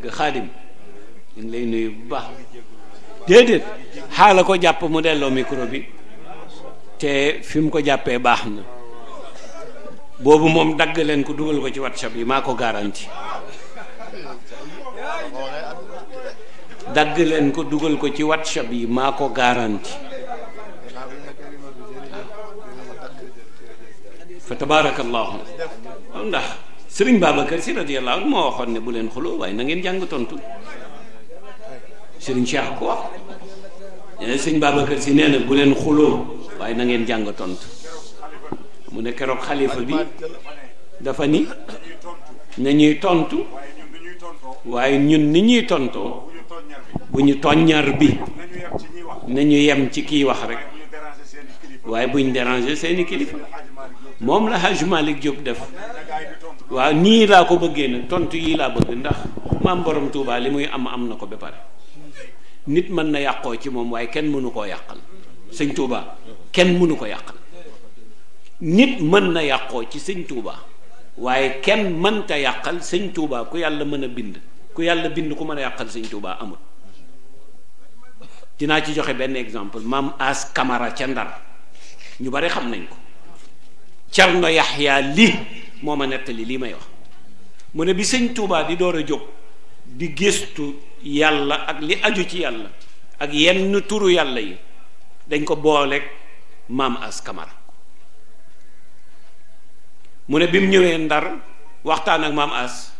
dëgg xaadim ñu ngi lay nuyu bu baax déedéet xaala ko jàpp mu delloo mikrobi te fi mu ko jàppee baax na boobu moom dagg leen ko dugal ko ci whatsapp yi maa ko garanti dagg leen ko dugal ko ci whatsapp yi maa ko garanti fa tabarakallahu ndax sëriñ Babacar si radiyallahu anhu moo waxoon ne bu leen xuloo waaye na ngeen jàng tontu sëriñ Cheikh ko wax sëriñ Babacar si nee bu leen xuloo waaye na ngeen jàng tontu mu ne keroog xalifa bi dafa ni na ñuy tontu waaye ñun ni ñuy tontoo bu ñu toññar bi ñu yem ci kiy wax rek waaye buñ déranger seeni kilifa moom la Haj Malick def waaw nii laa ko bëggee nag tontu yii laa bëgg ndax maam borom Touba li muy am am na ko ba pare nit mën na yàqoo ci moom waaye kenn mënu koo yàqal sëñ Touba kenn mënu ko yàqal nit mën na yàqoo ci sëñ Touba waaye kenn mënta yàqal sëñ tuubaa ku yàlla mën a bind ku yàlla bind ku mën a yàqal sëñ Touba amul dinaa ci joxe benn exemple maam As Kamara ca Ndar ñu bari xam nañ ko Cerno Yaxya li moo ma nettali lii may wax mu ne bi sëñ Touba di door a jóg di gëstu yàlla ak li aju ci yàlla ak yenn turu yàlla yi dañ ko booleek maam as kamara mu ne bi mu ñëwee ndar waxtaan ak maam as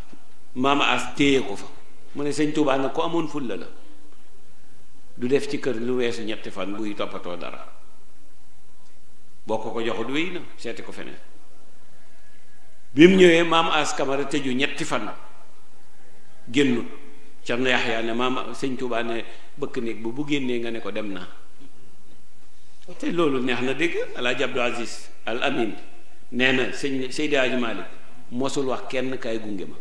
maam as téye ko fa mu ne sëñ Touba nga ko amoon fulla la du def ci kër lu weesu ñetti fan buy toppatoo dara boo ko ko joxut wéy na seeti ko feneen bi mu ñëwee maam as kamara tëju ñetti fan génnut Cerno Yaxya ne maam sëñ Tuubaa ne bëkk néeg bu bu génnee nga ne ko dem naa te loolu neex na dégg Alaaji Abdou Aziz Al Amin nee na sëñ Seydi mosul wax kenn kaay gunge ma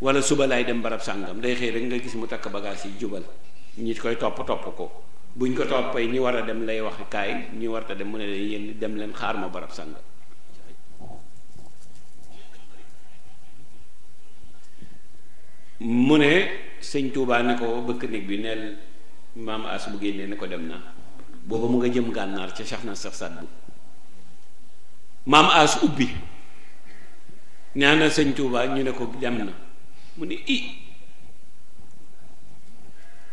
wala suba laay dem barab sàngam day xëy rek nga gis mu takk bagage yi jubal ñi koy topp topp ko buñ ko toppee ñi war a dem lay wax kaay ñi warta dem mu ne leen yéen dem leen xaar ma barab sàngam mu ne sëñ Touba ne ko bëkk néeg bi neel maam as bu génnee ne ko dem na booba mu nga jëm gànnaar ca Cheikh na Cheikh Saad bu maam as ubbi nee na sëñ ñu ne ko dem na mu ne i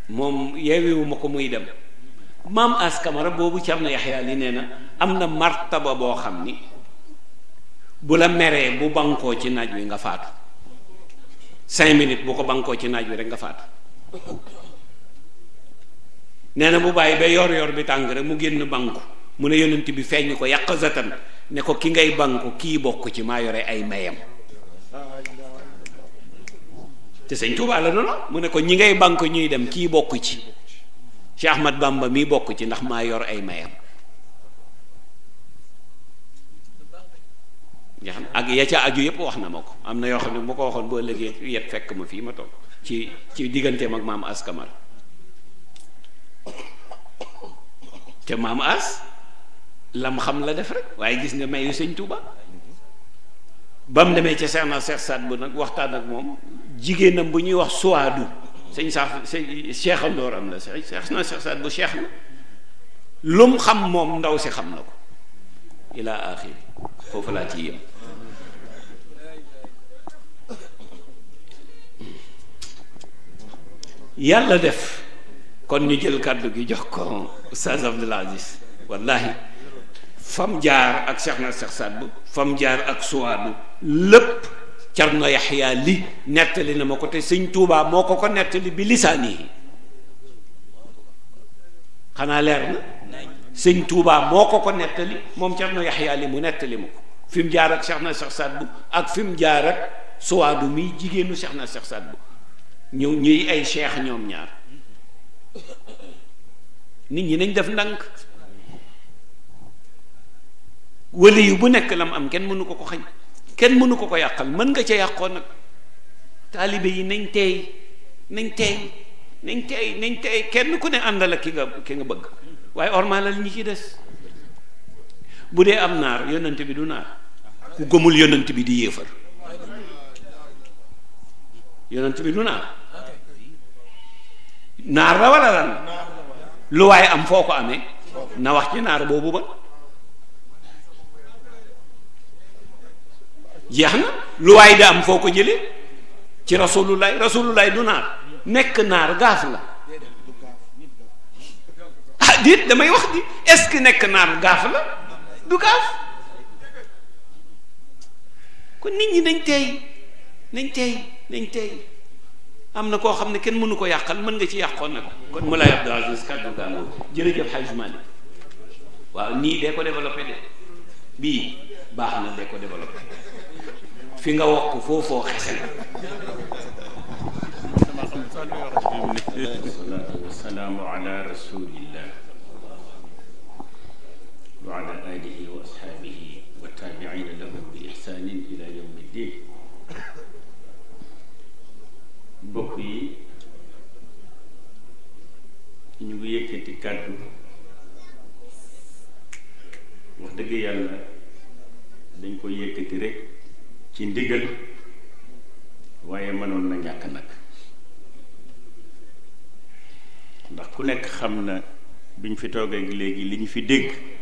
moom yeewewu ma ko muy dem maam as kamara boobu ci am na yaxyaa li nee na am na martaba boo xam ni bu la meree bu bankoo ci naaj wi nga faatu cinq minutes bu ko bankoo ci naaj wi rek nga faatu nee na bu bàyyi ba yor yor bi tàng rek mu génn banku mu ne yonent bi feeñ ko yàq zatan ne ko ki ngay banku kii bokk ci maa yore ay mayam te sëñ Tuubaa la noonu mu ne ko ñi ngay banku ñuy dem kii bokk ci Cheikh Ahmad Bamba mii bokk ci ndax maa yor ay mayam nga xam ak ya ca aju yëpp wax na ma ko am na yoo xam ne bu ko waxoon boo ëllëgee yet fekk ma fii ma toog ci ci digganteem ak maam as kamar te maam as lam xam la def rek waaye gis nga mayu sëñ Tuuba ba mu demee ca seex na seex saat bu nag waxtaan ak moom jigéenam bu ñuy wax suwaadu sëñ saaf sëñ seexandooram la seex na seex saat bu seex na lum xam moom ndaw si xam na ko ilaa aaxiri foofu laa ci yem yàlla def kon ñu jël kàddu gi jox ko Oustaz Abdoul Aziz wallahi fam jaar ak Cheikh na Cheikh Saad bu fam jaar ak Suwaadu lépp Cerno Yaxya li nettali na ma ko te sëñ Tuubaa moo ko ko nettali bi lisaani yi xanaa leer na sëñ Touba moo ko ko nettali moom Cerno Yaxya li mu nettali mu ko fi mu jaar ak Cheikh na Cheikh Saad bu ak fi mu jaar ak Suwaadu mi jigéenu Cheikh na Cheikh Saad bu ñu ñuy ay cheikh ñoom ñaar nit ñi nañ def ndànk wëli bu nekk lam am kenn mënu ko ko xañ kenn mënu ko ko yàqal mën nga ca yàqoo nag taalibe yi nañ teey nañ teey nañ teey nañ teey kenn ku ne àndal ak ki nga ki nga bëgg waaye ormaalal ñi ci des bu dee am naar yonent bi du naar ku gëmul yonent bi di yéefar yonent bi du naar naar la wala lan lu waaye am foo ko amee na wax ci naar boobu ba jeex na lu waay da am foo ko jëlee ci rasulullaay rasulullaay du naar nekk naar gaaf la déet damay wax di est-ce que nekk naan gaaf la du gaaf kon nit ñi nañ tey nañ tey nañ tey am na koo xam ne kenn mënu ko yàqal mën nga ci yàqoon nag ko kon Moulay Abdou Aziz kàddu gaango jërëjëf Hadj Malick waaw nii dee ko développé de bii baax na dee ko développé fi nga wokk foofoo xese na wa salaamu ala rasulillah wa ala alihi wa ashaabihi wa taabiina lahum bi ihsaanin ila yawmi ddin bokk yi ñu ngi yëkkati kàddu wax dëgg yàlla dañ ko yëkkati rek ci ndigal waaye mënoon na ñàkk nag ndax ku nekk xam na biñ fi toogee léegi li ñu fi dégg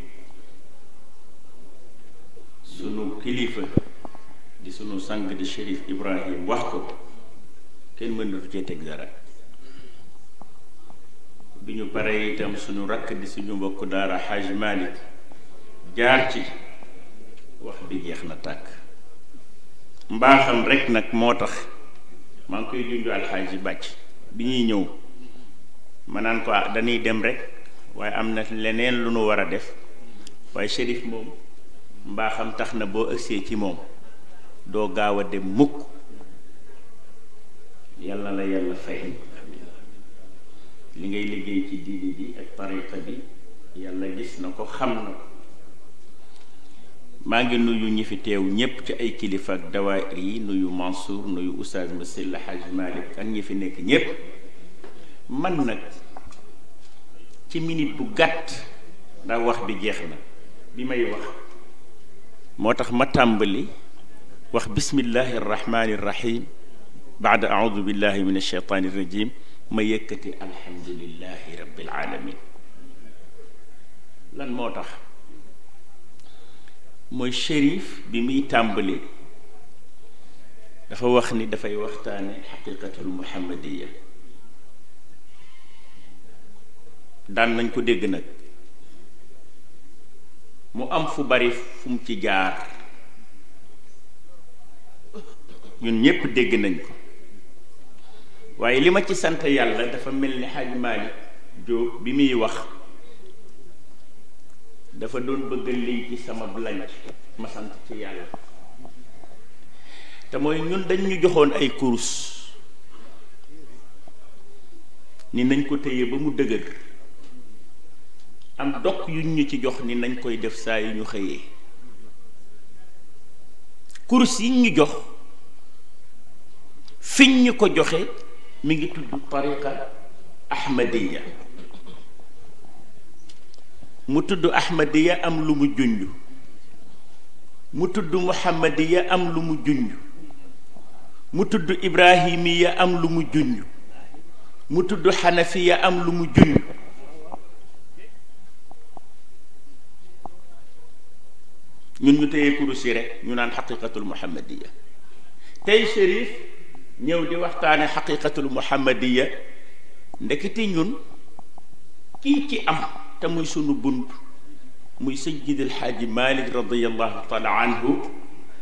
sunu kilifa di sunu sang di Chérif Ibrahim wax ko kenn mënatu cee teg dara bi ñu paree itam sunu rakk di suñu mbokk daara Haj Malick jaar ci wax bi geex na tàkk mbaaxam rek nag moo tax maa ngi koy junju alxaaji bàcc bi ñuy ñëw ma naan ko ah, dañuy dem rek waaye am na leneen lu nu war a def waaye Chérif moom mbaaxam tax na boo ëgsee ci moom doo gaaw a dem mukk yàlla la yàlla fay li ngay liggéey ci diini bi ak tariqa bi yàlla gis na ko xam na ko maa ngi nuyu ñi fi teew ñépp ci ay kilifa ak dawaayir yi nuyu Mansour nuyu Oustaz Massil Haj Malick ak ñi fi nekk ñépp man nag ci minit bu gàtt ndax wax bi jeex na bi may wax moo tax ma tàmbali wax bismillahi arrahmani irrahim baada audu billahi min alsheytaani ma yëkkati alhamdulillahi rabbil alamin lan moo tax mooy shérif bi muy tàmbali dafa wax ni dafay waxtaane xaqiqatul muhammadiya daan nañ ko dégg nag mu am fu bari fu mu ci jaar ñun ñépp dégg nañ ko waaye li ma ci sant yàlla dafa mel ni xaj Maalik Jóob bi muy wax dafa doon bëgg liñ ci sama lanc ma sant ci yàlla te mooy ñun dañu joxoon ay kurus ni nañ ko téye ba mu dëgër am dokk yu ñu ci jox ni nañ koy def saa yu ñu xëyee kurus yiñ ñu jox fiñ ñu ko joxe mi ngi tudd tariqa ahmadiya mu tudd ahmadiya am lu mu junj mu tudd muhammadiya am lu mu junj mu tudd ibrahimiya am lu mu junj mu tudd xanafiya am lu mu junj ñun ñu téye kurus yi rek ñu naan xaqiqatul muhammadiya tey shérif ñëw di waxtaane xaqiqatul muhammadiya ndekete ñun kii ci am te muy sunu bunt muy sajjid alxaaji malik radiallahu taala anhu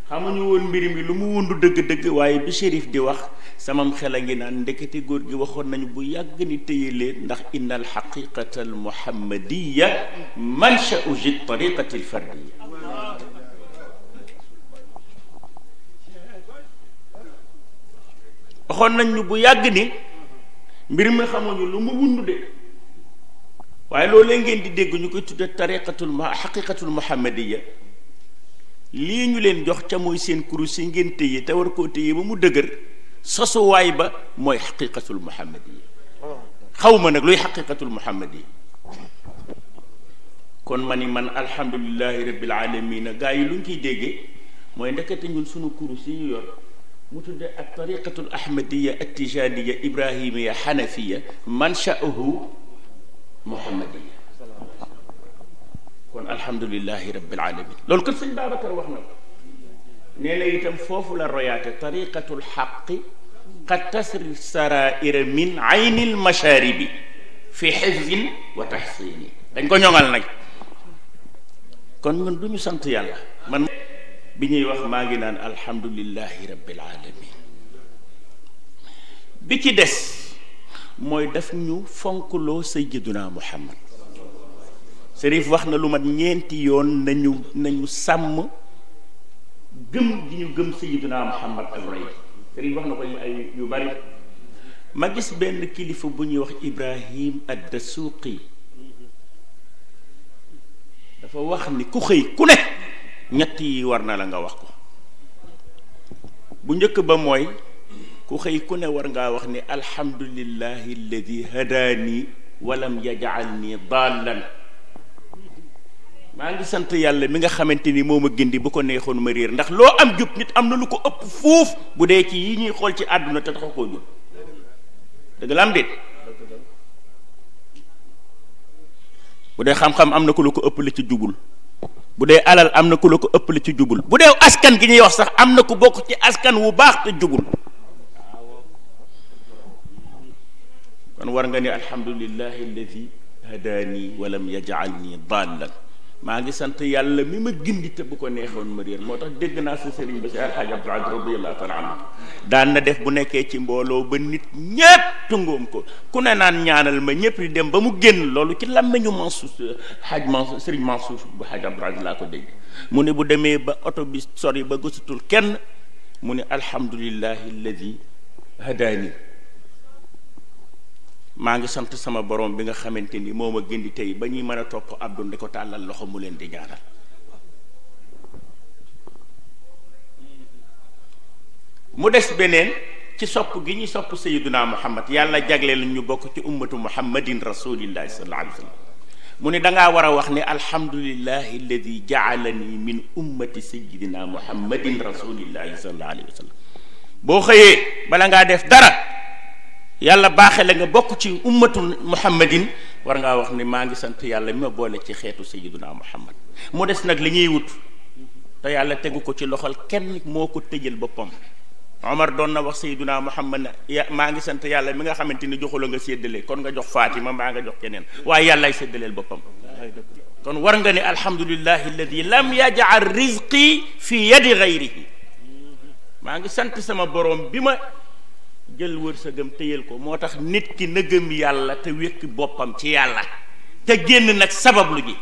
xamuñu woon mbir mi lu mu wundu dëgg-dëgg waaye bi shérif di wax samam xel a ngi naan ndekete góor gi waxoon nañu bu yàgg ni téye leen ndax inna alxaqiqata almuhammadiya manshau ji tariqati alfardiya waxoon nañ ñu bu yàgg ni mbir ma xamuñu lu mu wund de waaye loolee ngeen di dégg ñu koy tudde tariqatul ma xaqiqatul muhammadiya lii ñu leen jox ca mooy seen kurus yi ngeen téye te war koo téye ba mu dëgër sosuwaay ba mooy xaqiqatul muhammadiya xaw ma nag luy xaqiqatul muhammadiya kon ma ni man alhamdulilahi rabbil alamina gaa yi lu ñu ciy déggee mooy ndekete ñun sunu kurus yi ñu yor mu tudde ak tariqatul ahmadiya attijaniya ibrahimiya xanafiya manshaahu muhammadiya kon alhamdulilahi rabbil alamin loolu kat sëñ Babacar wax na ko nee na itam foofu la royaate tariqatul xaqi qad tasri saraira min ayni almasharibi fi xifdin wa taxsini kon ñun du ñu sant yàlla man bi ñuy wax maa ngi naan alhamdulillahi rabbil alamin bi ci des mooy def ñu fonkloo sayyiduna muhammad sërif wax na lu ma ñeenti yoon nañu nañu sàmm gëm gi ñu gëm sayyiduna muhammad ak roy wax na ko ay yu bari ma gis benn kilifa bu ñuy wax ibrahim ad-dasuqi dafa wax ni ku xëy ku ne ñett yi war na la nga wax ko bu njëkk ba mooy ku xëy ku ne war ngaa wax ni alhamdulillahi alladi hadaani walam yajal ni daalan maa ngi sant yàlla mi nga xamante ni moo ma gindi bu ko neexoon ma réer ndax loo am jub nit am na lu ko ëpp fuuf bu dee ci yi ñuy xool ci àdduna te taxa jub dëgg la bu dee xam-xam am na ku lu ko ëpp li ci jubul bu dee alal am na ku la ko ëpp li ci jubul bu dee askan gi ñuy wax sax am na ku bokk ci askan wu baax te jubul kon war nga ne alhamdulillahi alladi hadaani walam yajalni dallan maa ngi sant yàlla mi ma gindi te bu ko neexoon ma moo tax dégg naa sa sëriñ ba si alxaaj abdul aziz radiyallahu taala anhu daan na def bu nekkee ci mbooloo ba nit ñépp tungoom ko ku ne naan ñaanal ma ñépp di dem ba mu génn loolu ci làmmiñu Mansour xaaj Mansour sëriñ Mansour bu xaaj abdul aziz laa ko dégg mu ne bu demee ba oto bi sori ba gësatul kenn mu ne alhamdulillahi alladi hadaani maa ngi sant sama borom bi nga xamante ni moo ma gindi tey ba ñuy mën a topp Abdou ndi ko tàllal loxo mu leen di ñaanal mu des beneen ci sopp gi ñu sopp sayyiduna muhammad yàlla jagleel ñu bokk ci ummatu muhammadin rasulillahi sallallahu alayhi wa mu ne danga war a wax ni alhamdulillahi alladi jaalani min ummati sayyidina muhammadin rasulillahi sallallahu alayhi wa sallam boo xëyee bala ngaa def dara yàlla baaxe nga bokk ci ummatul muhammadin war ngaa wax ni maa ngi sant yàlla mi ma boole ci xeetu sayyiduna muhammad mu des nag li ñuy wut te yàlla tegu ko ci loxol kenn moo ko tëjal boppam omar doon na wax sayyiduna muhammad na maa ngi sant yàlla mi nga xamante ni joxuloo nga séddale kon nga jox fatima maa nga jox keneen waaye yàllaay séddaleel boppam kon war nga ne alhamdulillahi alladi lam yaj'al rizqi fi yadi ghayrihi maa ngi sant sama borom bi ma jël wërsëgam téyel ko moo tax nit ki na gëm yàlla te wékki boppam ci yàlla te génn nag sabablu ji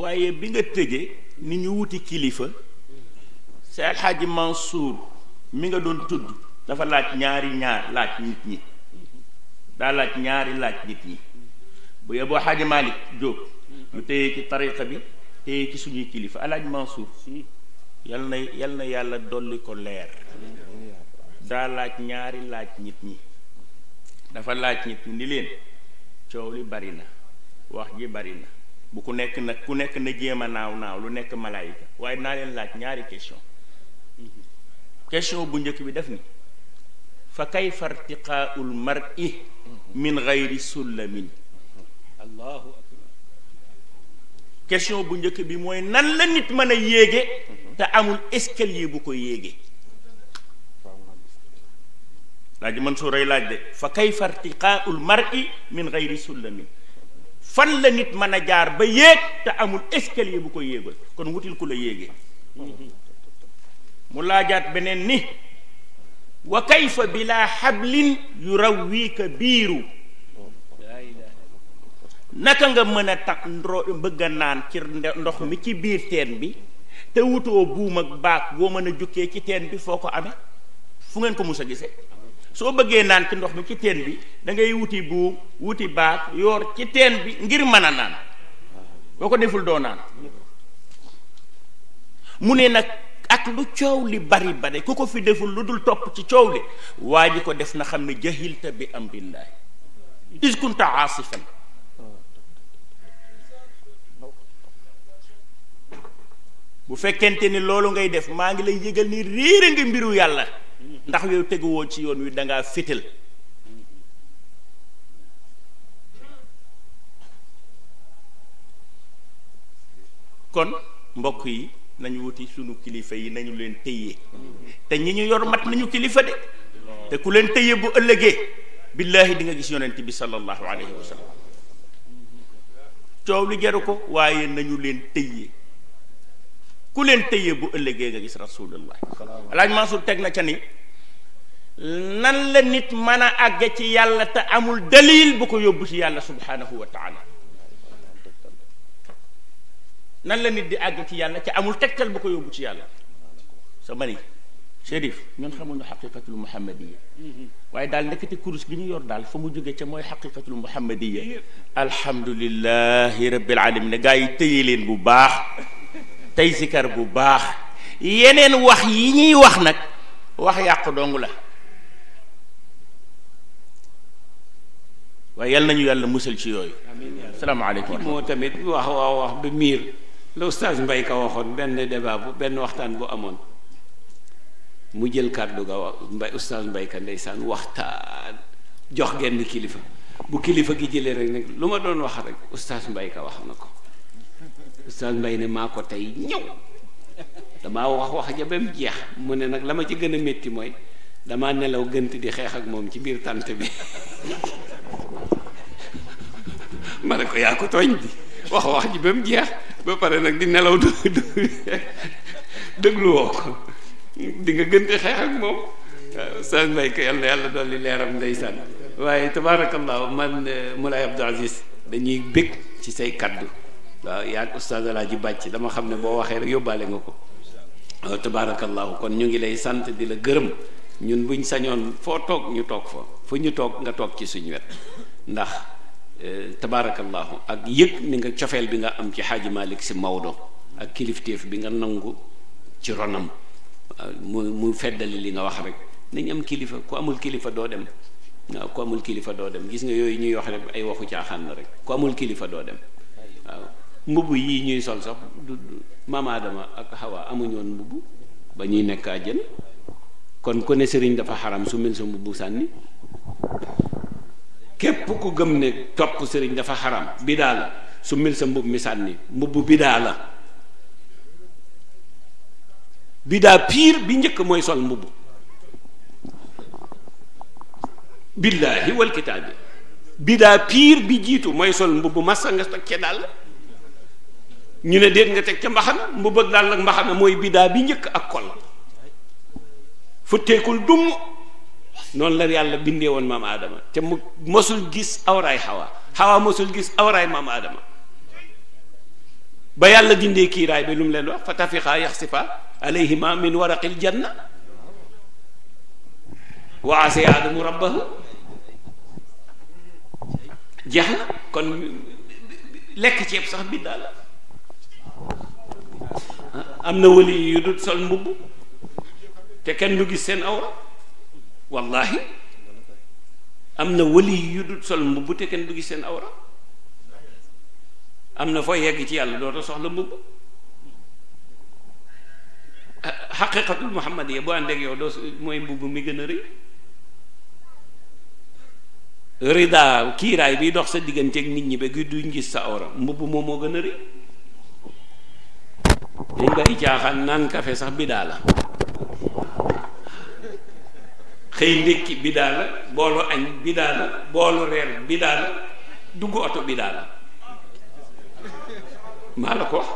waaye bi nga tëjee ni ñu wuti kilifa Seex Alxaaji Mansuur mi nga doon tudd dafa laaj ñaari ñaar laaj nit ñi daa laaj ñaari laaj nit ñi bu yeboo Xaaji Jóob ñu téye ci tariqa bi téye ci suñuy kilifa Alxaaji Mansuur yal na yàlla dolli ko leer daa laaj ñaari laaj nit ñi dafa laaj nit ñi ni leen coow li bari na wax ji bari na bu ku nekk nag ku nekk na jéem a naaw naaw lu nekk malaayika waaye naa leen laaj ñaari question question bu njëkk bi def ni fa kayfa irtiqaaul mar'i min gayri sullamin question bu njëkk bi mooy nan la nit mën a yéege te amul escalier bu ko yéege laaj man su rey laaj de fa kayfa irtiqaaul mar'i min gayri sullamin fan la nit mën a jaar ba yéeg te amul escalier bu ko yéegal kon wutil ku la yéege mu laajaat beneen ni wa kayfa bilaa xablin yurawwiika biiru naka nga mën a tax bëgg a naan ci ndox mi ci biir teen bi te wutoo buum ak baax boo mën a jukkee ci teen bi foo ko amee fu ngeen ko mus a gisee soo bëggee naan ci ndox mi ci teen bi dangay wuti buum wuti baax yoor ci teen bi ngir mën a naan boo ko deful doo naan mu ne nag ak lu coow li bari bari ku ko fi deful lu dul topp ci coow li waa ji ko def na xam ne jahilta bi amrillahi is kunta aasifan bu fekkente ni loolu ngay def maa ngi lay yëgal ni réere nga mbiru yàlla ndax yow teguwoo ci yoon wi dangaa fétal kon mbokk yi nañu wuti sunu kilifa yi nañu leen téye te ñi ñu yor mat nañu kilifa de te ku leen téye bu ëllëgee billaahi di nga gis yonent bi sallallahu alayhi wa sallam coow li jaru ko waaye nañu leen téye ku leen tëyee bu ëllëgee nga gis rasulullah alaaj Mansour teg na ca nan la nit mën a ci yàlla te amul dalil bu ko yóbbu ci yàlla subhanahu wa taala nan la nit di àgge ci yàlla te amul tegtal bu ko yóbbu ci yàlla sa mani Chérif ñun xamuñu xaqiqatul muhammadiya waaye daal nekkati kurus gi ñu yor daal fa mu jógee ca mooy xaqiqatul lu alhamdulillahi rabbil alamin ne gaa yi téye leen bu baax tey kar bu baax yeneen wax yi ñuy wax nag wax yàqu dong la waaye yal nañu yàlla musal ci yooyu salaamaaleykum moo tamit wax waaw wax bi miir la oustaz Mbay ka waxoon benn débat bu benn waxtaan bu amoon mu jël kàddu ga wax mbay oustaz Mbay ka ndeysaan waxtaan jox genn kilifa bu kilifa gi jëlee rek lu ma doon wax rek oustaz Mbay ka wax na ko Oustaz Mbaye ne maa ko tey ñëw damaa wax wax ja ba mu jeex mu ne nag la ma ci gën a metti mooy dama nelaw gënt di xeex ak moom ci biir tànt bi ma ne ko yaa wax wax ji nag di nelaw du dégluwoo xeex ak yàlla dool dolli leeram ndeysaan waaye tabaarakallaahu man eh, Moulay Abdou Aziz dañuy bég ci say kaddu waaw yaa oustaz ji Bàcc dama xam ne boo waxee rek yóbbaale nga ko tabaarakallaahu kon ñu ngi lay sant di la gërëm ñun buñ sañoon foo toog ñu toog fa fu ñu toog nga toog ci suñ wet ndax eh, tabaarakallaahu ak yëg ni nga cofeel bi nga am ci xaaji Malick si Maodo ak kilifteef bi nga nangu ci ronam mu mu feddali li nga wax rek nañ am kilifa ku amul kilifa doo dem waaw kilifa doo dem gis nga yooyu ñuy wax ay waxu caaxaan la rek ku amul kilifa doo dem waaw mbubb yii ñuy sol sax du maam Adama ak Hawa amuñu mbubb ba ñuy nekk àjjana kon ku ne sëriñ dafa xaram su mel sa mbubb sànni képp ku gëm ne topp dafa xaram bidaa la su mel sa mbubb mi sànni mbubb bidaa la bidaa piir bi njëkk mooy sol mbubb billaahi wal kitaabi piir bi jiitu mooy sol mbubb massa nga teg ci dàll ñu ne déet nga teg ca mbaxana mu bëgg daal nag mbaxana mooy biddaa bi njëkk ak koll futteekul dumm noonu la yàlla bindee woon maam aadama te mu mosul gis awraay xawa xawa mosul gis awraay maam aadama ba yàlla dindee kiiraay bi lu mu leen wax fa tafiqa yaxsifa alayhima min waraqil janna wa asiya aadamu rabbahu jeex na kon lekk ceeb sax biddaa la am na wali yu dul sol mbubb te kenn du gis seen awra wallahi am na wali yu dul sol mbubb te kenn du gis seen awra am na foo yegg ci yàlla doo doota soxla mbubb xaqiqatul muhammadiya bu ànd ak yow doo mooy mbubb mi gën a rëy rida kiiraay bi dox sa diggante digganteeg nit ñi ba gi duñ gis sa awra mbubb moom moo gën a rëy dañ bàyyi caaxaan naan kafe sax bidaa la xëy ndékki bidaa la boolu añ bidaa la boolu reer bidaa la dugg oto bidaa la maa la ko wax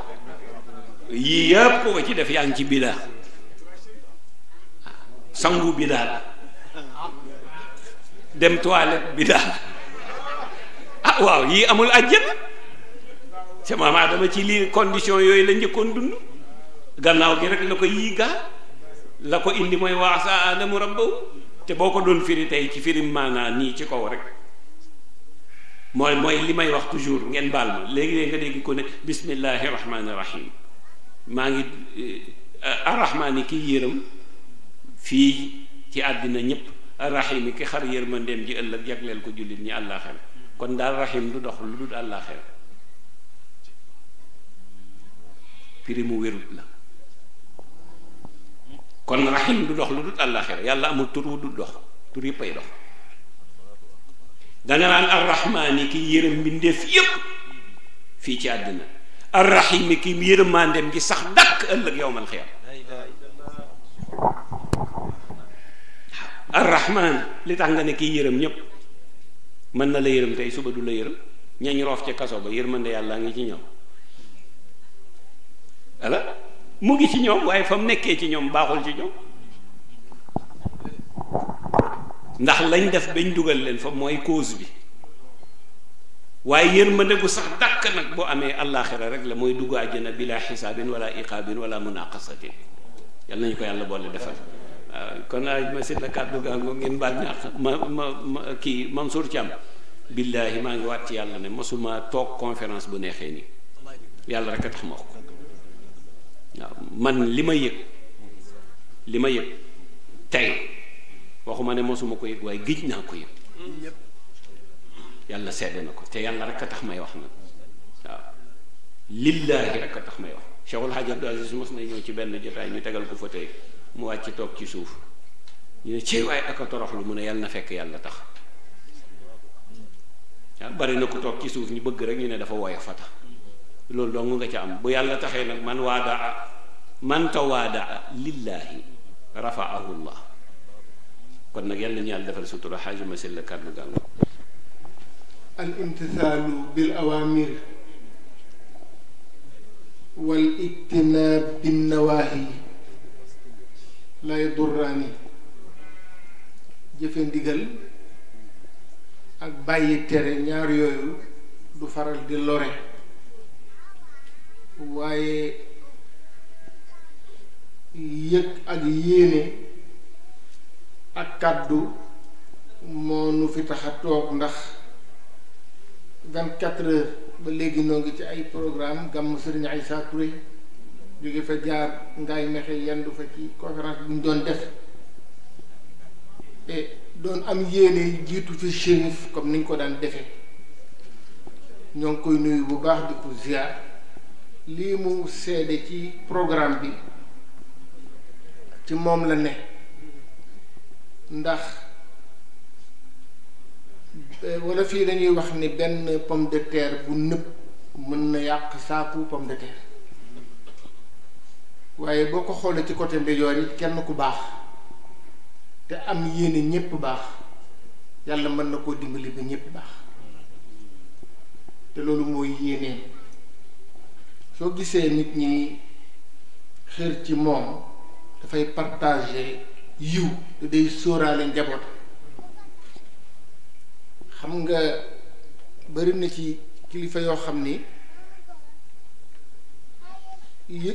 yii yëpp ko ci def yaa ngi ci bidaa sangu bidaa la dem toilette bidaa la ah waaw yii amul àjjana sama maam Adama ci lii condition yooyu la njëkkoon dund gannaaw gi rek la ko yii gaa la ko indi mooy waa sa aadamu rabbahu te boo ko doon firi tey ci firim maanaa nii ci kaw rek mooy mooy li may wax toujours ngeen baal ma léegi-léeg nga dégg ko ne bismillahi rahmaani rahim maa ngi eh, arrahmaani ki yërëm fii ci àddina ñëpp arrahim ki xar yërmandeem ji ëllëg jagleel ko jullit ñi àllaaxira kon daal rahim du dox lu dul àllaaxira firi mu wérut la kon rahim du dox lu dul àllaaxira yàlla amul tur wu dul dox tur yëpp ay dox danga naan arrahmaani ki yërëm mbindeef yëpp fii ci àddina arrahimi ki yërëmaandeem gi sax dàkk ëllëg yowmal xiyam arrahmaan li tax nga ne kii yërëm ñépp mën na la yërëm tey suba du la yërëm ñañ roof ca kaso ba yërmande yàlla ngi ci ñëw mu ngi ci ñoom waaye fa mu nekkee ci ñoom baaxul ci ñoom ndax lañ def bañ dugal leen fa mooy cause bi waaye yërmande gu sax dàkk nag boo amee allaaxira rek la mooy dugg àjjana bilaa xisaabin wala iqaabin wala munaqasatin yal nañu ko yàlla boole defal waaw kon a ma sit la kàddu gaa ngoo ngeen baal ñaax ma ma ma kii Mansour Thiam billaahi maa ngi waat ci yàlla ne mosuma toog conférence bu neexee nii yàlla rek a tax ma ko waaw man li ma yëg li ma yëg tey waxuma ne mosuma ko yëg waaye géej naa ko yëg yàlla seede na ko te yàlla rek a tax may wax na waaw lillaahi rek a tax may wax Cheikhul Hadj Abdou Aziz mos na ñëw ci benn jotaay ñu tegal ko fa tey mu wàcc toog ci suuf ñu ne ci waaye ak toroxlu mu ne yàlla na fekk yàlla tax waaw na ko toog ci suuf ñu bëgg rek ñu ne dafa woyof fa loolu dong nga ca am bu yàlla taxee nag man waadaa man tawaadaa lillaahi rafaahu llah kon nag yàlla ñu yàlla defal sutura xaaju ma sell kàddu gàng al imtisaalu awaamir wal ijtinaab nawaahi la yadurraani jëfe ndigal ak bàyyi tere ñaar yooyu du faral di lore waaye yëg ak yéene ak kàddu moo nu fi tax toog ndax vingt quatre heures ba léegi noo ngi ci ay programme gàmm sëriñ Aïssa Touré jóge fa jaar ngay mexe yendu fa ci conférence bi ñu doon def et doon am yéene jiitu ci chérif comme niñ ko daan defe ñoo ngi koy nuyu bu baax di ko ziar lii mu seede ci programme bi ci moom la ne ndax euh, walla fii dañuy wax ni benn pomme de terre bu nëb mën na yàq saaku pomme de terre waaye boo ko xoolee ci côté ndeyjoor yi kenn ku baax te am yéene ñépp baax yàlla mën na koo dimbali ba ñépp baax te loolu mooy yéeneen soo gisee nit ñi xër ci moom dafay partager yiw te day sóoraale njaboot xam nga bari na ci kilifa yoo xam ni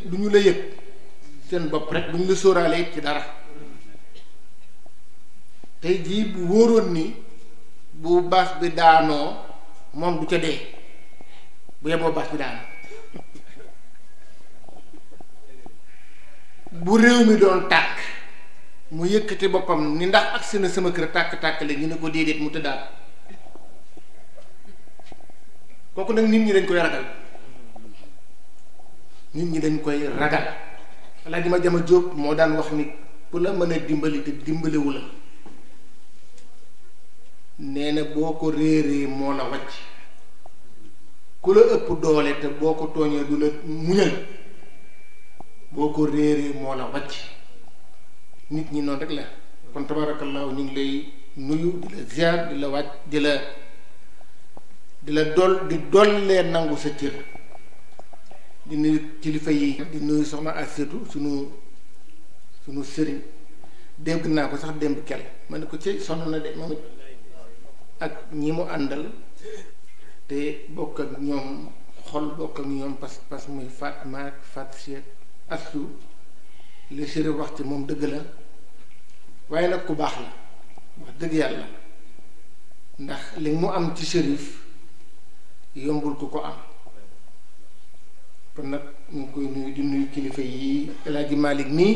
du ñu la yëg seen bopp rek du ñu la sóoraale yëg ci dara tey jii bu wóoroon ni bu baax bi daanoo moom du ca dee bu yemoo baax bi daanoo bu réew mi doon tàkk mu yëkkati boppam ni ndax agsi na sama kër tàkk-tàkk la ñu ne ko déedéet mu tëddaat kooku nag nit ñi dañ koy ragal nit ñi dañ koy ragal walla di ma jama jóob moo daan wax ni ku la mën a dimbali te dimbalewu la nee na boo ko réeree moo la wàcc ku la ëpp doole te boo ko tooñee du la muñal boo ko réeree moo la wàcc nit ñi noonu rek la kon tabaarakallaahu ñu ngi lay nuyu di la ziar di la wàcc di la di dol di dollee nangu sa cër di nuyu kilifa yi di nuyu soxna Astou suñu sunu sëriñ dégg naa ko sax démb kel ma ne ko ci sonn na de moom ak ñi mu àndal te bokk ak ñoom xol bokk ak ñoom pas pas muy Fatma ak Fatou asku li séré wax ci moom dëgg la waaye nag ku baax la wax dëgg yàlla ndax li mu am ci sérif yombul ku ko am kon nag ñu ngi koy nuyu di nuyu kilifa yi El Hadj Malick nii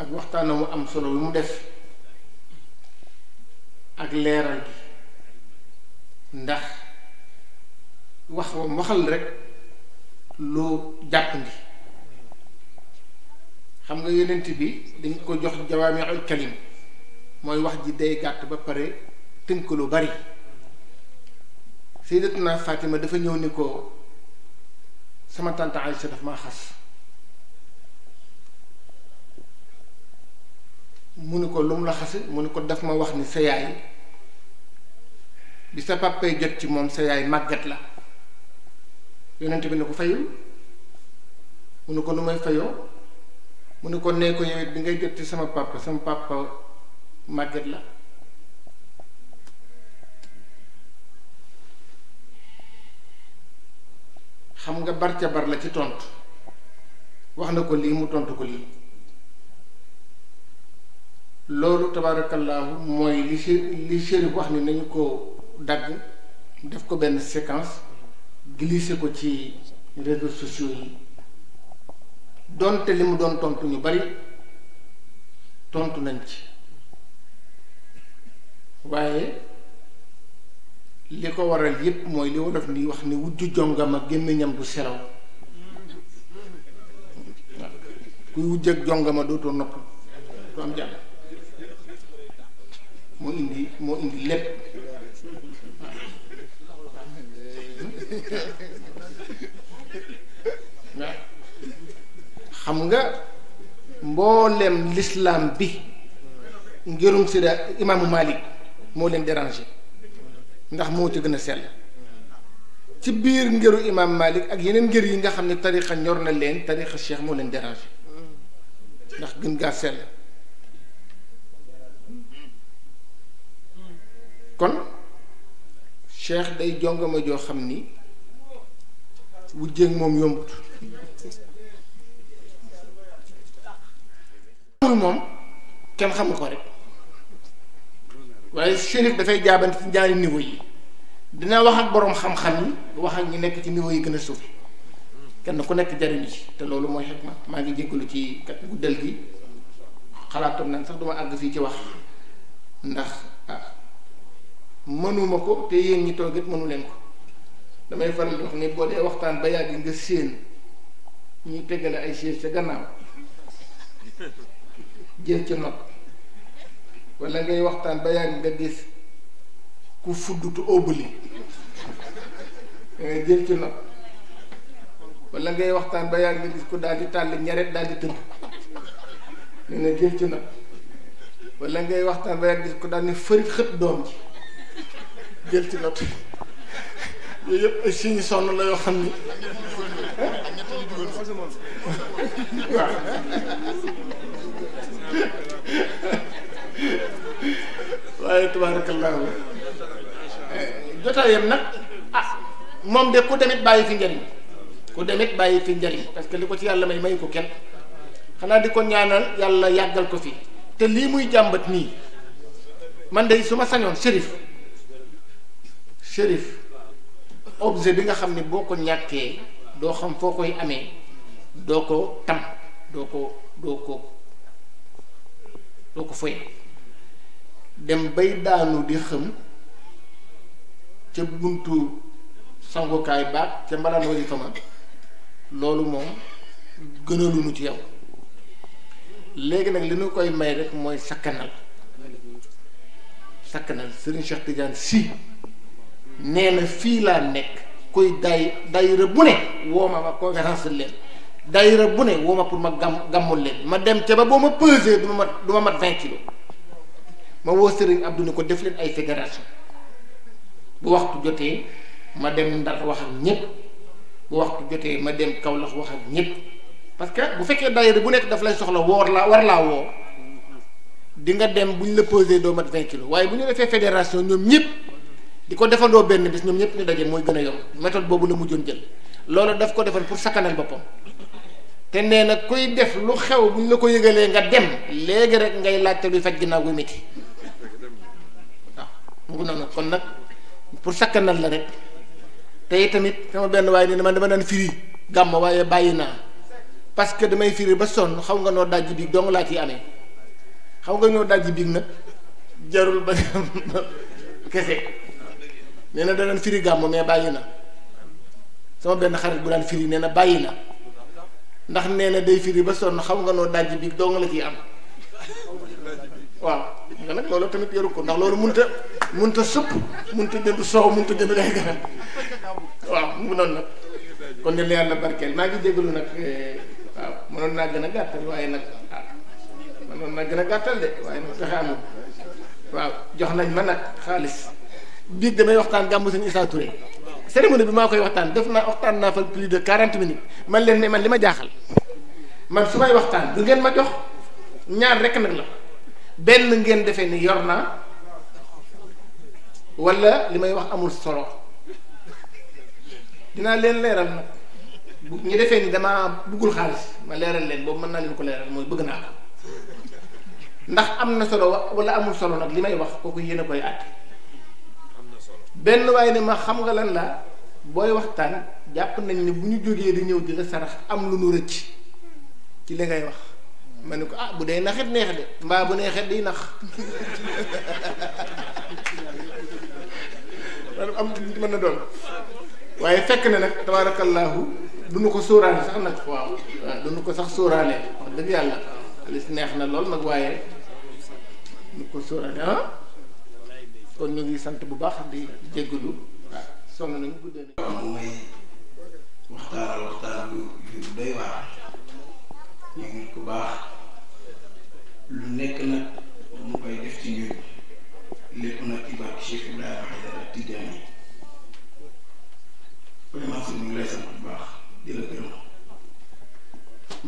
ak waxtaan waxtaana mu am solo lu mu def ak leeral gi ndax wax wam waxal rek lu jàpp ndi xam nga yonent bi dañ ko jox jawaamiul kalim mooy wax ji dey gàtt ba pare tink lu bari sayyidatuna Fatima dafa ñëw ni ko sama tante Aïcha daf maa xas mu ni ko lu mu la xase mu ne ko daf ma wax ni sa yaay bi sa pàppay jot ci moom sa yaay màggat la yonent bi ne ko fayul mu ne ko lu may fayoo mu ne ko nee ko yow bi ngay jot ci sama papa sama papa màgget la xam nga bar ca bar la ci tontu wax na ko lii mu tontu ko lii loolu tabaarakallaahu mooy li li wax ni nañu ko dagg def ko benn séquence glissé ko ci réseaux sociaux yi donte li mu doon tontu ñu bari tontu nañ ci waaye li ko waral yépp mooy li wolof ni wax ni wujju jongama gémmiñam du selaw kuy wujj ak jongama dootoo nopp du am jàmm moo indi moo indi lépp xam nga mboolem l'islam bi ngerum sida imaamu Malik moo leen dérangé ndax moo ci gën a sell ci biir ngeru imaam Malik ak yeneen ngir yi nga xam ne tarixa ñor na leen tarixa cheikh moo leen dérangé ndax gën sell kon cheikh day jongama joo xam ni wujjeeg moom yombut amul moom kenn xamul ko rek waaye chérif dafay jaabante ci njaari niveau yi dina wax ak boroom xam-xam yi wax ak ñi nekk ci niwo yi gën a suuf kenn ku nekk jariñu ci te loolu mooy xikma maa ngi jéggalu ci kat guddal gi xalaatoon naan sax duma àgg fii ci wax ndax ah, mënuma ko te yéen ñi toog it mënu leen ko damay faral di wax ni boo dee waxtaan ba yàgg nga séen ñuy teggale ay chaise ca gannaaw jël ci nopp walla ngay waxtaan ba yàgg nga gis ku fuddutu óbbali dangay jël ci nopp walla ngay waxtaan ba yàgg nga gis ku daal di tàll ñaret daal di tëmb ne na jël ci nopp walla ngay waxtaan ba yàgg gis ku daal ne fëri xët doom ji jël ci nopp yooyu yëpp ay signe sonn la yoo xam ni waaye tabaarakallaahu jotaayam nag ah, moom de ku demit bàyyi fi njariñ ku demit bàyyi fi njariñ parce que li ko ci yàlla may may ko kenn xanaa di ko ñaanal yàlla yàggal ko fi te lii muy jàmbat nii man de su ma sañoon shérif shérif objet bi nga xam ne boo ko ñàkkee doo xam foo koy amee doo ko tam doo ko doo ko doo ko foye dem bay daanu di xëm ca buntu sangukaay baax ca mbalaan wasifa ma loolu moom gënaluñu ci yow léegi nag li ñu koy may rek mooy sakkanal sakkanal Serigne Cheikh Tidiane si nee na fii laa nekk kuy day dayira bu ne woo ma ma conférence leen dayra bu ne woo ma pour ma gam gammul leen ma dem te ba boo ma pesé du ma mat du ma mat vingt kilo ma woo Serigne Abdou ne ko def leen ay fédération bu waxtu jotee ma dem Ndar wax ak ñëpp bu waxtu jotee ma dem Kaolack wax ak ñëpp parce que bu fekkee dayra bu nekk daf lay soxla woor laa war laa woo di nga dem bu ñu la pesé doo mat vingt kilos waaye bu ñu defee fédération ñoom ñëpp di ko defandoo benn bis ñoom ñëpp ñu daje mooy gën a yomb méthode boobu la mujjoon jël loolu daf ko defal pour sakkanal boppam. te nee na kuy def lu xew buñ la ko yëgalee nga dem léegi rek ngay laajte luy faj ginnaaw gu métti waaw na ngi kon nag pour sakkanal la rek te tamit sama benn waaye ne man dama daan firi gàmm waaye bàyyi naa parce que damay firi ba sonn xaw nga noo dajji biig dong laa ciy amee xaw nga noo dajji biig nag jarul ba kese nee na da daan firi gàmm mais bàyyi na sama benn xarit bu daan firi nee na bàyyi na ndax nee na day firi ba sonn xaw nga noo dajj bi doo nga la ciy am waaw nga nag loolu tamit yoru ko ndax loolu munta munta supp munta jënd soow munta jënd day garab waaw mu noonu nag kon ne la yàlla barkeel maa ngi nag eh, gàttal waaye nag ah mënoon naa gën a gàttal de waaye nag pexe amul waaw jox nañ ma nag xaalis biig damay waxtaan gàmmu sëñ Issa cérémonie bi maa koy waxtaan def na waxtaan naa fa plus de quarante minutes man leen ne man li ma jaaxal man su may waxtaan du ngeen ma jox ñaar rek nag la benn ngeen defee ni yor naa wala li may wax amul solo dinaa leen leeral nag bu ñu defee ni damaa bëggul xaalis ma leeral leen boobu mën naa leen ko leeral mooy bëgg naa ko ndax am na solo wala amul solo nag li may wax kooku yéen a koy àtte benn waaye ne ma xam nga lan la booy waxtaan jàpp nañ ne bu ñu jógee di ñëw di la sarax am lu nu rëcc ci li ngay wax ma ne ko ah bu dee naxet neex de mbaa bu neexet di nax am mën na doon waaye fekk na nag tabaarakallaahu duñu ko sóoraale sax nag waaw waaw duñu ko sax sóoraale dëgg yàlla alis neex na lool nag waaye duñu ko sóoraale ah. kon ñu ngi sant bu baax di jéggalu waaw sonn nañu guddee mu mooy waxtaan waxtaan yu doy waar ñu ngi ku baax lu nekk nag mu koy def ci ñun lépp nag ci barke Cheikh Ibrahima Aïdara Tidiane yi si mu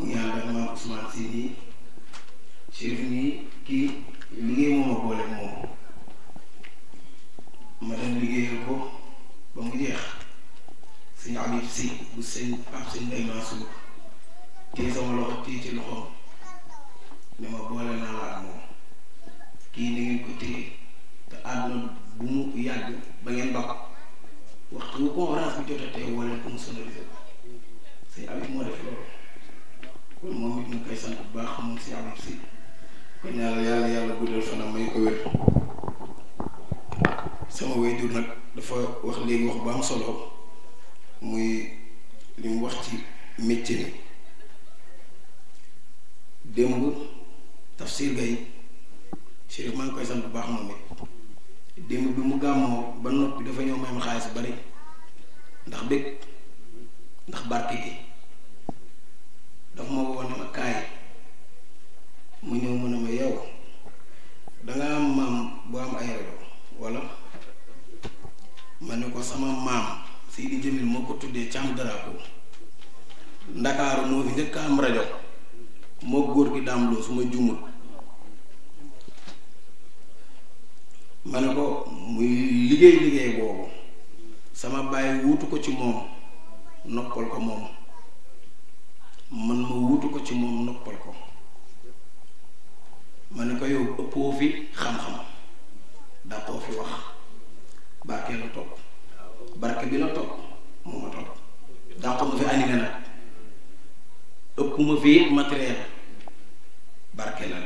ngi ànd ak maam Ousmane si nii Chérif nii kii liggéey moom a boole moom. ma dem liggéeyal ko ba mu jeex sëñ Habib si bu sëñ Pape sëñ Bay Mansour téye sama loxo téye ci loxoom ne boole naa la ak kii ni ngeen ko téye te àdduna bu mu yàgg ba ngeen ba waxtu conférence bi jotatee wala ko mu sonorisé sëñ Habib moo def loolu moom it ñu koy sant bu baax moom sëñ Habib si ko ñaanal yàlla yàlla guddal fanam may ko wér sama wayjur nag dafa wax léegi wax bu am solo muy li mu wax ci métier ni démb tafsir gay Chérif maa ngi koy sant bu baax moom it démb bi mu gàmmoo ba noppi dafa ñëw may ma xaalis bari ndax bëgg ndax barke gi dafa ma woo ma kaay mu ñëw mu ne ma yow danga am maam bu am ay walla ma ne ko sama maam Seydi Jamil moo ko tuddee Thiam Darapo Ndakaaru moo fi njëkk am rajo moo góor gi daamloo suma jumut jumul ko muy liggéey liggéey boobu sama bàyyi wuutu ko ci moom noppal ko moom man ma wuutu ko ci moom noppal ko ma ne ko yow ëppoo fi xam-xam dàqoo fi wax barke la topp barke bi la topp moo ma topp daa ko ma fi animé nag ëpp ma fi matériel barke la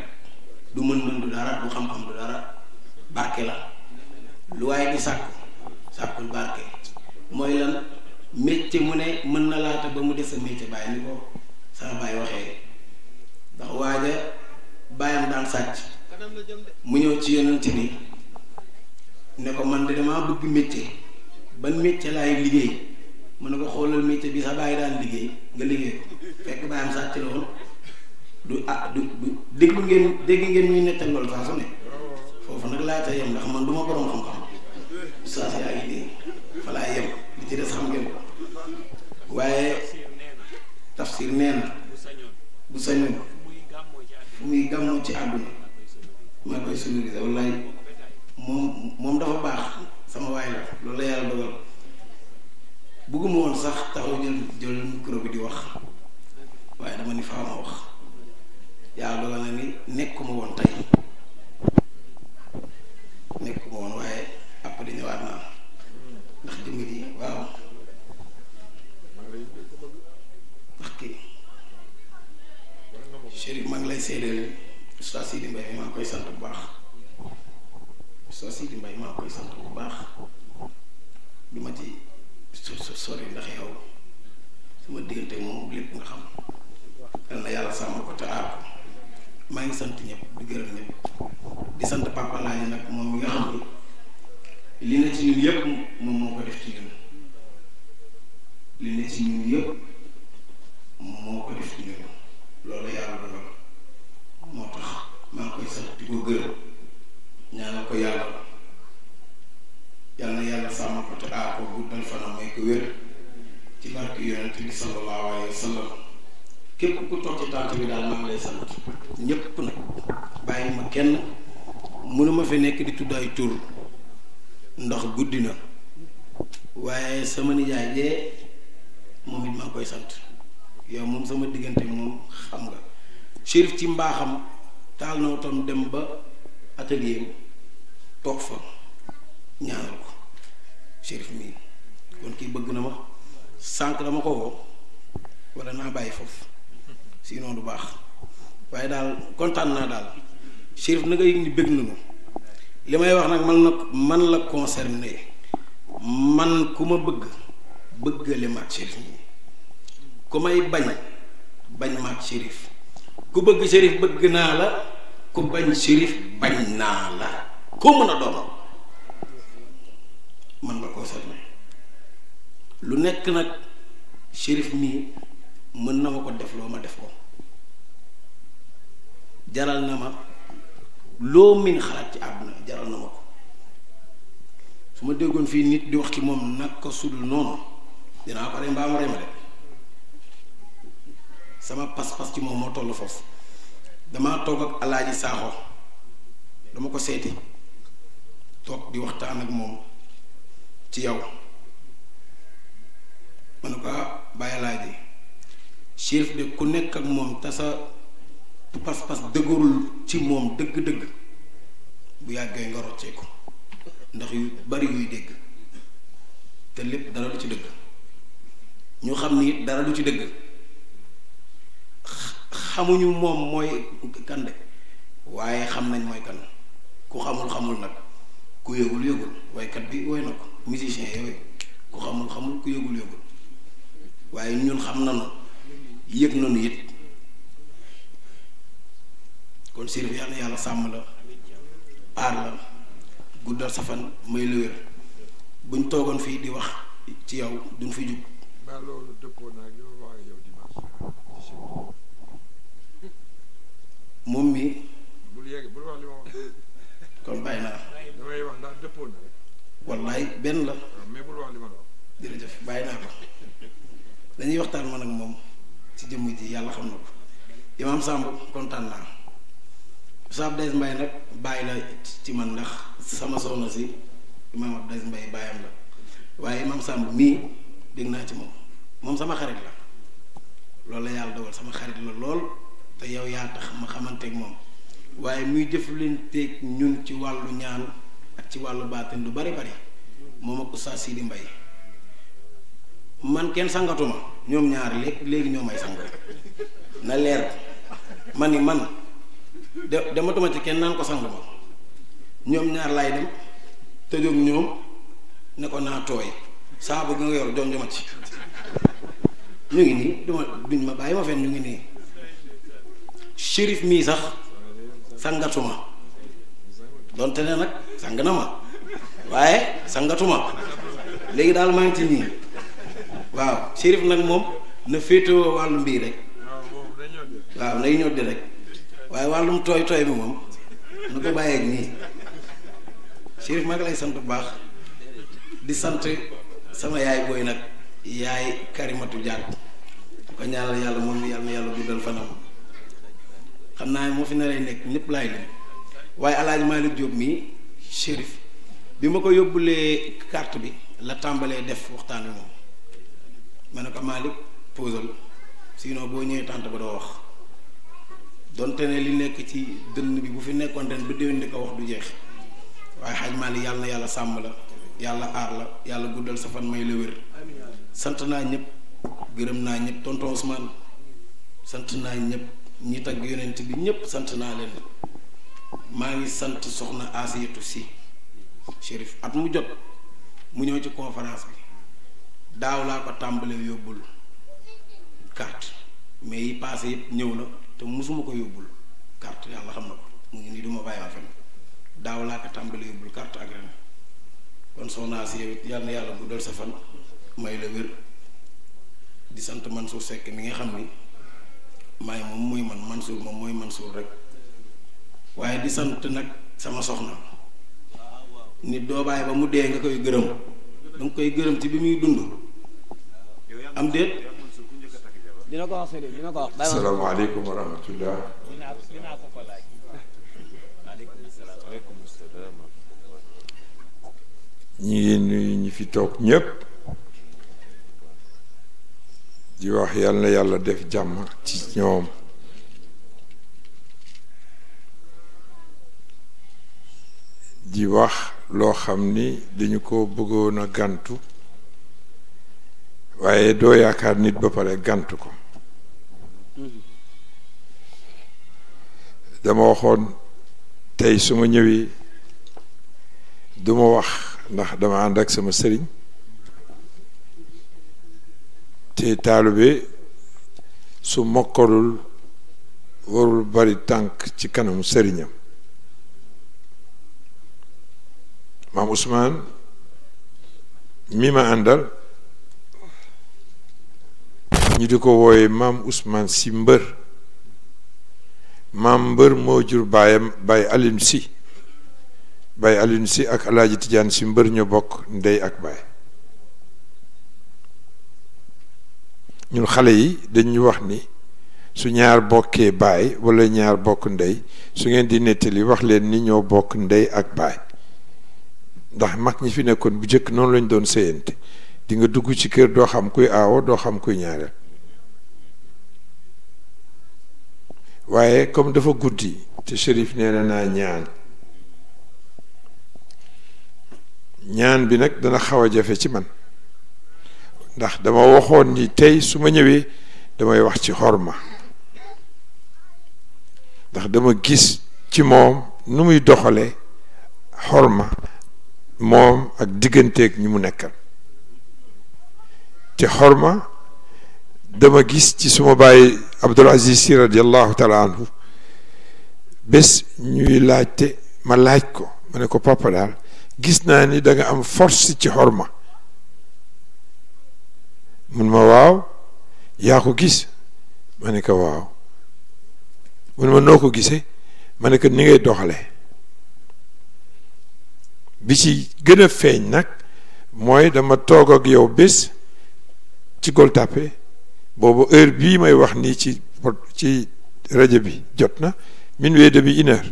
du mën-mën du dara xam-xam du dara barke la lu waaye di sàkku sàkkul barke mooy lan métier mu ne mën na laata ba mu des sa métier bàyyi ni ko sama bàyyi waxee ndax waaja bàyyam daan sàcc mu ñëw ci yonent ni ne ko man de damaa bëgg métier ban métier laay liggéey mu na ko xoolal métier bi sa daan liggéey nga liggéey fekk bàyyam sàcc la woon du ah du du déglu ngeen dégg ngeen ñuy nettal loolu saa su ne foofu nag laata yem ndax man du ma borom xam-xam saa si yaa ngi nii fa laa yem li des xam ngeen ko waaye tafsir nee na bu sañoon fu muy gàmmoo ci àdduna maa koy sonorisé wallaay. moom moom dafa baax sama waay la loolu la yàlla dogal bëgguma woon sax taxaw jël jël micro bi di wax waaye dama ni faa ma wax yàlla dogal na ni nekkuma woon tey nekkuma woon waaye après ñëwaat naa ndax jëmm ji waaw ndax kii Chérif maa lay seedeel Oustaz Sidi Mbaye koy sant bu baax soo si di mbay maa koy sant bu baax du ma ci sori ndax yow sama diggante moom lépp nga xam dal na yàlla sàmm ko te ko maa ngi sant ñëpp di gërëm ñëpp di sant papa laay nag moom mi nga li ne ci ñun yëpp moom moo ko def ci ñun li ne ci ñun yëpp ak wér ci barke yonent bi sallallahu alayhi wa sallam képp ku toog ci tànt bi daal maa ngi lay sant ñépp nag bàyyi ma kenn ma fi nekk di tudd ay tur ndax guddi na waaye sama nijaay jee moom it maa koy sant yow moom sama diggante moom xam nga Chérif ci mbaaxam taal na otom dem ba atelier toog fa ñaanal ko Chérif mii kon kii bëgg na ma sànq dama ko woo walla naa bàyyi foofu sinon du baax waaye daal kontaan naa daal Chérif na yëg ni bëgg nañu li may wax nag man la man la concerné man ku ma bëgg bëggale maag Chérif ku may bañ bañ maag Chérif ku bëgg Chérif bëgg naa la ku bañ Chérif bañ naa la koo mën a doon man la concerné lu nekk nag shérif nii mën na ma ko def loo ma def ko jaral na ma loo min xalaat ci àdduna jaral na ma ko su ma déggoon fii nit di wax ci moom nag ko sudul noonu dinaa pare rey mbaa ma rey ma de sama pas-pas ci moom moo toll foofu damaa toog ak alaaji saaxo dama ko seeti toog di waxtaan ak moom ci yow ma ne ko ah bàyyi laay de chérif de ku nekk ak moom te sa pas-pas dëgërul ci moom dëgg-dëgg bu yàggee nga roccee ko ndax yu bari yuy dégg te lépp dara du ci dëgg ñu xam ni dara du ci dëgg xamuñu moom mooy kan de waaye xam nañ mooy kan ku xamul xamul nag ku yëgul yëgul waykat bi woy na ko musicien yooyu ku xamul xamul ku yëgul yëgul waaye ñun xam nañu yëg nañu it kon Chérif yàlla sàmm la aar la guddal sa may la buñ toogoon fii di wax ci yow duñ fi jug. moom mi kon bàyyi naa damay wax ndax dëppoo wallaay benn la ah, bàyyi naa ko dañuy waxtaan man nag moom ci jëmm ji yàlla xam na ko imaam Samb kontaan naa Oustaz Abdou Aziz Mbaye nag bàyyi la ci man ndax sama soxna si imaam Abdou Aziz Mbaye bàyyam la waaye imaam Samb mii dégg naa ci moom moom sama xarit la loolu la yàlla dogal sama xarit la lool te yow yaa tax ma xamanteeg moom waaye muy jëflanteeg ñun ci wàllu ñaan ak ci wàllu baatin lu bari bari moom ak Oustaz Sidi Mbaye man kenn sangatuma ñoom ñaar léegi léegi ñoo may sang na leer ma ni man de dematuma ci kenn naan ko sang ma ñoom ñaar laay dem tëjoog ñoom ne ko naa tooy saabu gi nga yor jonjoma ci ñu ngi nii duma duñ ma bàyyi ma fen ñu ngi nii shérif mii sax sangatuma donte ne nag sang na ma waaye sangatuma léegi daal maa ngi ci nii waaw Chérif nag moom na féetewoo wàllu mbii rek waaw nay ñoddi rek waaye wàllum tooy tooy bi moom na ko bàyyeeg nii Chérif maa lay sant bu baax di sant sama yaay booy nag yaay karimatu jaar ko ñaanal yàlla moom yàlla na yàlla guddal fanam xam naa moo fi na lay nekk ñëpp laay lim waaye alaaj Malick Diop mii Chérif bi ma ko yóbbulee carte bi la tàmbalee def waxtaan wi moom ma ne ko Malick posal sinon boo ñëwee tànt ba doo wax donte ne li nekk ci dënn bi bu fi nekkoon ren ba déwén di ko wax du jeex waaye xaj Malick yàlla yàlla sàmm la yàlla aar la yàlla guddal safan fan may la wér sant naa ñëpp gërëm naa ñëpp tonton Ousmane sant naa ñëpp ñi tagg yonent bi ñëpp sant naa leen maa ngi sant soxna Asiyatu si Chérif at mu jot mu ñëw ci conférence daaw laa ko tàmbalee yóbbul carte mais yi passé yëpp ñëw la te musuma ko yóbbul carte yàlla xam na ko mu ngi nii duma bàyyi ma fen daaw laa ko tàmbalee yóbbul carte ak ren kon soxnaa si yow yàlla na yàlla sa fan may la wér di sant Mansour Seck mi nga xam ni maay moom mooy man Mansour moom mooy Mansour rek waaye di sant nag sama soxna nit doo bàyyi ba mu dee nga koy gërëm danga koy gërëm ci bi muy dund am déet dina ko wax sëriñ ñu ngi nuyu ñi fi toog ñépp di wax yal yàlla def jàmm ci ñoom di wax loo xam ni dañu ko bëggoona a waaye doo yaakaar nit ba pare gàntu ko dama waxoon tey su ma ñëwee du ma wax ndax dama ànd ak sama sëriñ te taalibe su mokkalul warul bari tànk ci kanamu sëriñam maam Ousmane mi ma àndal ñu di ko wooye maam usmaan si mbër maam mbër moo jur baayam Baye Alioune si Baye Alioune si ak Alaaji Tijaan si mbër ñu bokk ndey ak baay ñu xale yi dañuy wax ni su ñaar bokkee baay wala ñaar bokk ndey su ngeen di nettali wax leen ni ñoo bokk ndey ak baay ndax mag ñi fi nekkoon bu njëkk noonu lañ doon séyante di nga dugg ci kër doo xam kuy aawo doo xam kuy ñaareel waaye comme dafa guddi te shérif nee na ñaan ñaan bi nag dana xaw a jafe ci man ndax dama waxoon ni tey su ma ñëwee damay wax ci xorma ndax dama gis ci moom nu muy doxale xorma moom ak digganteeg ñi mu nekkal te xorma dama gis ci suma bàyyi Abdul Aziz si radiallahu taala anhu bés ñuy laajte ma laaj ko ma ne ko papa daal gis naa ni da am force ci xorma mun ma yaa ko gis ma ne ko mun ma noo ko gisee ma ne ko ni ngay doxale bi ci gën feeñ nag mooy dama toog ak yow bés ci Gueule boobu heure bii may wax nii ci ci rajo bi jot na min wee bi une heure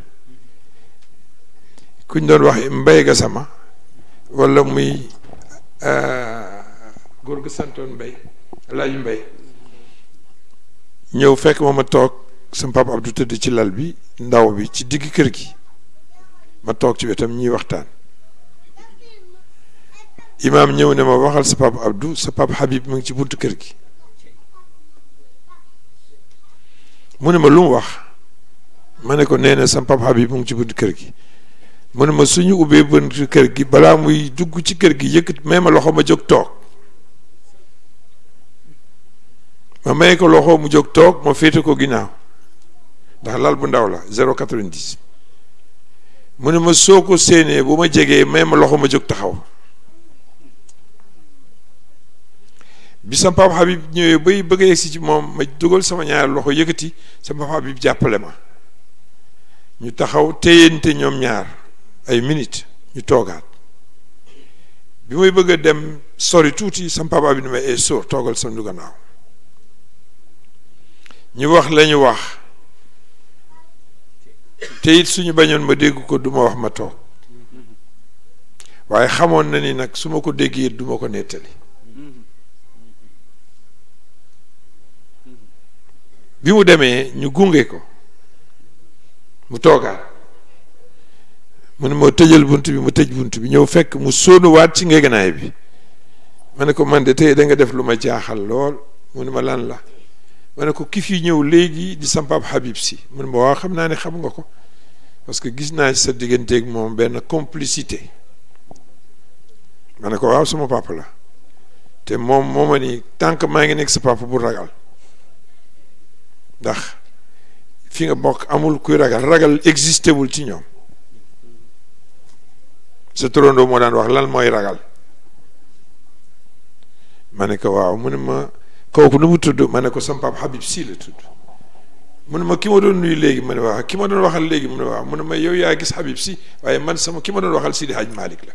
kuñ doon wax Mbaye Gassama walla muy euh, góor gu santoon mbay laaj mbay ñëw fekk ma ma toog sama papa Abdou tëdd ci lal bi ndaw bi ci digg kër gi ma toog ci wetam ñuy waxtaan imaam ñëw ne ma waxal sa papa Abdou sa papa Habib mu ngi ci buntu kër gi mu ne ma lu mu wax ma ne ko nee na sam papa mu ngi ci buntu kër gi mu ne ma suñu ubbee buntu kër gi balaa muy dugg ci kër gi yëkkat may ma loxo ma jóg toog ma may ko loxo mu jóg toog ma féete ko ginnaaw ndax lal bu ndaw la 0,90 mu ne ma soo ko séenee bu ma jegee may ma loxo ma jóg taxaw bi sama papa Habib ñëwee bay bëgg a yegsi ci moom ma dugal sama ñaari loxo yëkkati sama papa Habib jàppale ma ñu taxaw téyente ñoom ñaar ay minutes ñu toogaat bi may bëgg dem sori tuuti sama papa Habib ni may ay eh, sóor toogal sama du ñu wax la ñu wax te suñu bañoon ma dégg ko du ma wax ma toog waaye xamoon na ni nag su ma ko déggee du ma ko nettali bi mu demee ñu gunge ko mu toogaat mu ne moo tëjal bunt bi mu tëj bunt bi ñëw fekk mu sóonuwaat ci ngeganaay bi ma ne ko man de tey da nga def lu ma jaaxal lool mu ma lan la ma ne ko ki fi ñëw léegi di sam pap Habib si mu ma waaw xam naa ne xam nga ko parce que gis naa ci sa digganteeg moom benn complicité ma ne ko waaw sama papa la te moom moo ma ni tant maa ngi nekk sa papa bu ragal ndax fi nga bokk amul kuy ragal ragal existé wul ci ñoom sa turandoo moo daan wax lan mooy ragal ma ne ko waaw mu ne ma kooku nu mu tudd ma ne ko sama pap Habib Sy la tudd mu ne ma ki ma doon nuyu léegi ma ne waaw ki ma doon waxal léegi mu ne waaw mu ne ma yow yaa gis Habib Sy waaye man sama ki ma doon waxal Sidi Hadj Malick la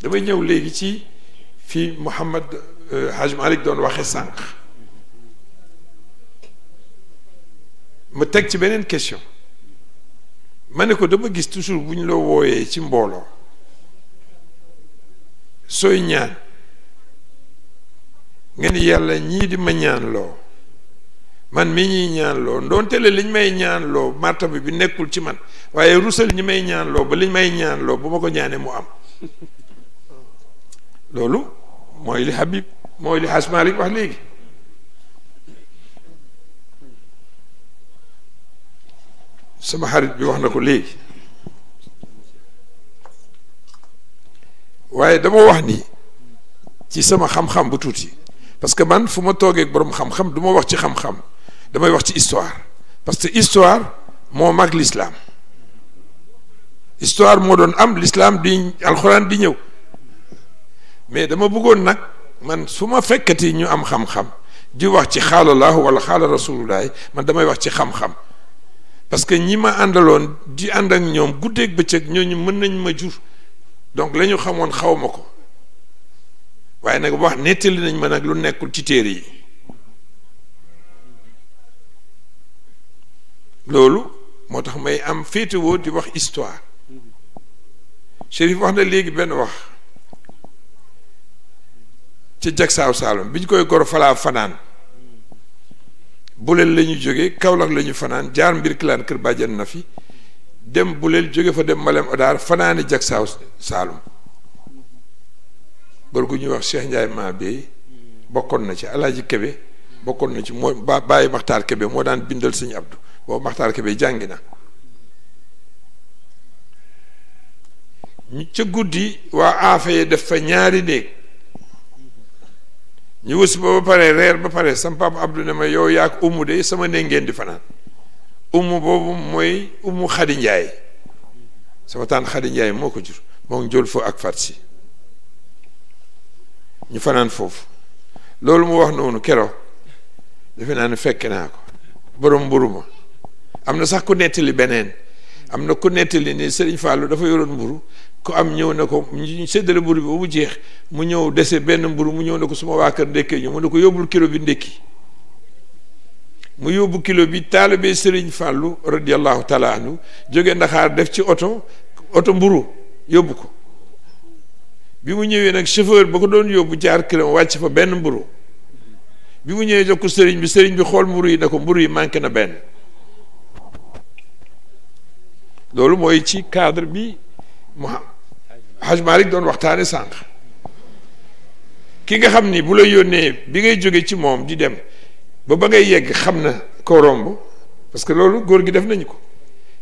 damay ñëw léegi ci fii Mouhamad euh, Hadj Malick doon waxe sànq ma teg ci beneen question ma ne ko dama gis toujours bu ñu la wooyee ci mbooloo sooy ñaan nga ni yàlla ñii di ma ñaan loo man mii ñuy ñaan loo ndoonte la liñ may ñaan loo martaba bi nekkul ci man waaye rusal ñi may ñaan loo ba liñ may ñaan loo bu ma ko ñaanee mu am loolu mooy li Habib mooy li Xas Malik wax léegi sama xarit bi wax na ko léegi waaye dama wax ni ci sama xam-xam bu tuuti parce que man fu ma toogee ak borom xam-xam du ma wax ci xam-xam damay wax ci histoire parce que histoire moo mag l'islam histoire moo doon am l'islam di alxuraan di ñëw mais dama buggoon nag man su ma fekkati ñu am xam-xam di wax ci xaalallahu wala xaala rasulullahi man damay wax ci xam-xam parce que ñi ma àndaloon di ànd ak ñoom guddeeg bëccëg ñooñu mën nañ ma jur donc lañu xamoon xawma ko waaye nag wax nettali nañ ma nag lu nekkul ci téere yi loolu moo tax may am féetewoo di wax histoire Chérif wax na léegi benn wax ci jagsaaw Saalum bi ñu koy gor falaa fanaan buleel la jóge Kaolack la ñu fanaan jaar mbir kilaan kër bàjjen na fi dem buleel jóge fa dem Malem Odar fanaane jag saaw Saalum góor gu ñuy wax Cheikh Ndiaye maa bey bokkoon na ci Alaaji Kebe bokkoon na ci mooy ba bàyyi Maxtaar Kebe moo daan bindal sëñ Abdu boobu Maxtaar Kebe jàngi na ci guddi waa aafe def fa ñaari néeg ñu wus ba ba pare reer ba pare sama papa Abdou ne ma yow yaak umu de sama néeg ngeen di fanaan umu boobu mooy umu Xadi Njaay sama taan Xadi Njaay moo ko jur moo ngi foo ak fat si ñu fanaan foofu loolu mu wax noonu keroog defe naa ne fekk naa ko borom mburu ma am na sax ku nettali beneen am na ku nettali ni Sëriñ Fàllu dafa yoroon mburu ko am ñëw ne ko ñu séddale mburu bi ba mu jeex mu ñëw dese benn mburu mu ñëw na ko suma waa kër ndekkee ñu mu ne ko yóbbul kilo bi ndekki mu yóbbu kilo bi taalibe Serigne Fàllu radiallahu taala anhu jóge Ndaxaar def ci oto oto mburu yóbbu ko bi mu ñëwee nag chauffeur ba ko doon yóbbu jaar këram wàcc fa benn mburu bi mu ñëwee jox ko sëriñ bi sëriñ bi xool mburu yi na ko mburu yi manqué na benn loolu mooy ci cadre bi mu xam Haj Malick doon waxtaane sànq ki nga xam ni bu la yónnee bi ngay jóge ci moom di dem ba ba ngay yegg xam na ko romb parce que loolu góor gi def nañu ko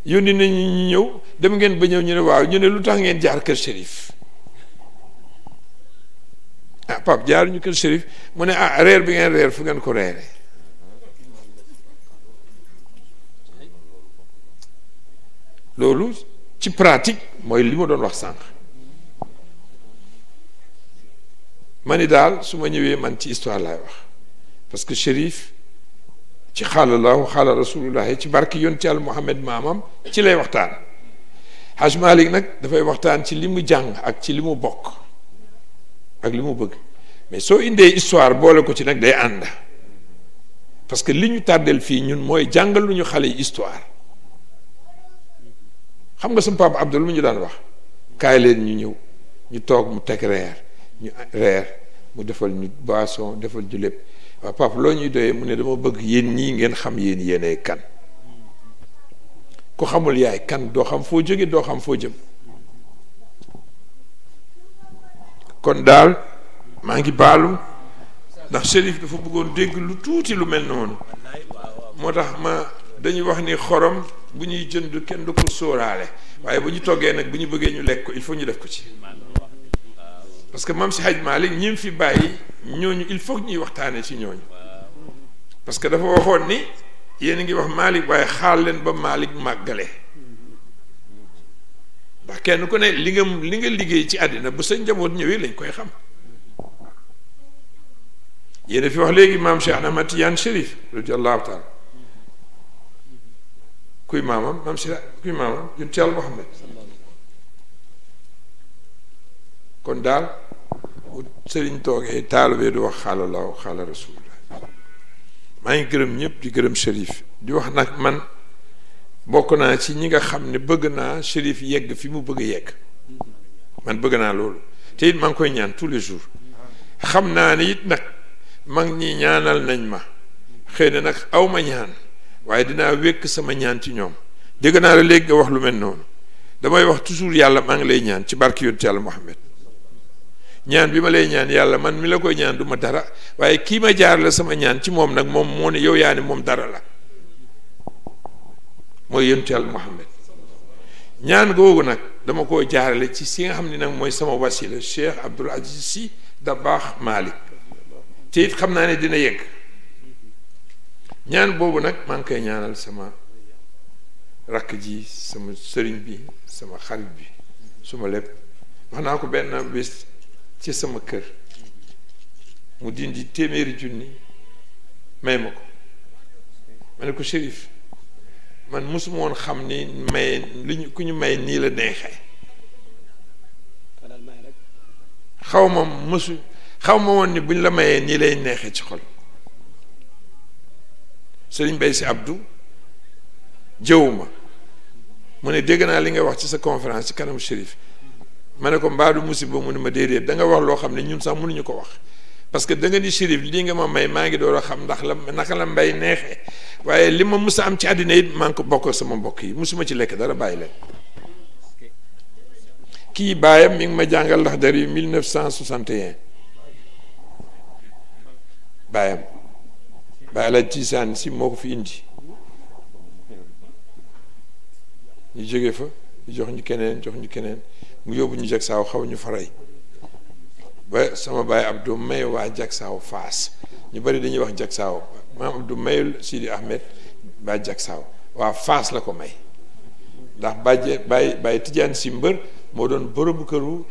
yónni nañu ñu ñëw dem ngeen ba ñëw ñu ne waaw ñu ne lu tax ngeen jaar kër Chérif ah Pape jaar ñu kër Chérif mu ne ah reer bi ngeen reer fu ngeen ko reere loolu ci pratique mooy li ma doon wax sànq ma ni daal su ma ñëwee man ci histoire laay wax parce que shérif ci xaala laahu xaala rasulullahi ci barke yonent Yàlla Muhammad maamam ci lay waxtaan Haj Malik nag dafay waxtaan ci li mu jàng ak ci li mu bokk ak li mu bëgg mais soo indee histoire boole ko ci nag day ànd parce que li ñu tàddeel fii ñun mooy jàngal lu ñu xale yi histoire xam nga sama papa Abdul mu ñu daan wax kaay leen ñu ñëw ñu toog mu teg reer ñu reer mu defal ñu boisson defal ñu lépp waaw papa loo ñuy doyee mu ne dama bëgg yéen ñii ngeen xam yéen yéenay kan ku xamul yaay kan doo xam foo jóge doo xam foo jëm kon daal maa ngi baalu ndax Chérif dafa bëggoon dégg lu tuuti lu mel noonu moo tax ma dañuy wax ni xorom bu ñuy jënd kenn du ko sóoraale waaye bu ñu toggee nag bu ñu bëggee ñu lekk ko il faut ñu def ko ci parce que maam si haj Malick ñi mu fi bàyyi ñooñu il faut ñuy waxtaanee ci ñooñu parce que dafa waxoon ni yéen a ngi wax Malick waaye xaal leen ba Malick màggale ndax kenn ku ne li nga li nga liggéey ci àddina bu sa njaboot ñëwee lañ koy xam yéen a fi wax léegi maam an Ahmad Tidiane Chérif radiyallahu taala kuy maamam maam si kuy maamam yun ci Yàlla Muhammad kon daal bu sëriñ toogee taalibe du wax xaala laaw xaala rasulullah maa ngi gërëm ñëpp di gërëm shérif di wax nag man bokk naa ci ñi nga xam ne bëgg naa shérif yegg fi mu bëgg yegg man bëgg naa loolu te it maa ngi koy ñaan tous les jours xam naa ni it nag mag ñi ñaanal nañ ma xëy na nag aw ma ñaan waaye dinaa wékk sama ñaan ci ñoom dégg naa la léegi nga wax lu mel noonu damay wax toujours yàlla maa ngi lay ñaan ci barki yonent yàlla Muhammad ñaan bi ma lay ñaan yàlla man mi la koy ñaan du ma dara waaye kii ma jaar la sama ñaan ci moom nag moom moo ne yow yaa ne moom dara la mooy yontu yàlla Muhammad ñaan googu nag dama koo jaarale ci si nga xam ni nag mooy sama wasila Cheikh Abdoul Aziz Sy Dabakh Malick te it xam naa ne dina yegg ñaan boobu nag maa ngi koy ñaanal sama rakk ji sama sëriñ bi sama xarit bi suma lépp wax naa ko benn bis ci sama kër mu dindi téeméeri junni may ma ko ma ne ko shérif man mosuma woon xam ni may li ñu ku ñu may nii la neexee xaw ma mosu xaw ma woon ni buñ la mayee nii lay neexee ci xol sëriñ Bay si Abdou jëw ma mu ne dégg naa li nga wax ci sa conference ci kanamu shérif ma ne ko mbaalu musiba mu ne ma déedéet da nga wax loo xam ne ñun sax mënuñu ko wax parce que da nga ni shérif lii nga ma may maa ngi door a xam ndax la naka la mbay neexee waaye li ma mus am ci àddina it maa ngi ko bokk sama bokk yi musuma ci lekk dara bàyyi leen kii baayam mi ngi ma jàngal ndax dari 1961 baayam baay la tiisaan si moo ko fi indi ñu jóge fa jox ñu keneen jox ñu keneen mu yóbbu ñu jag saaw xaw ñu faray ba sama baay Abdou may waa jag saaw faas ñu bari dañuy wax jag saaw maam Abdou mayul Sidi Ahmed ba jag saaw waa faas la ko may ndax bàjje bàyyi bàyyi tijaan si mbër moo doon bërëbu këru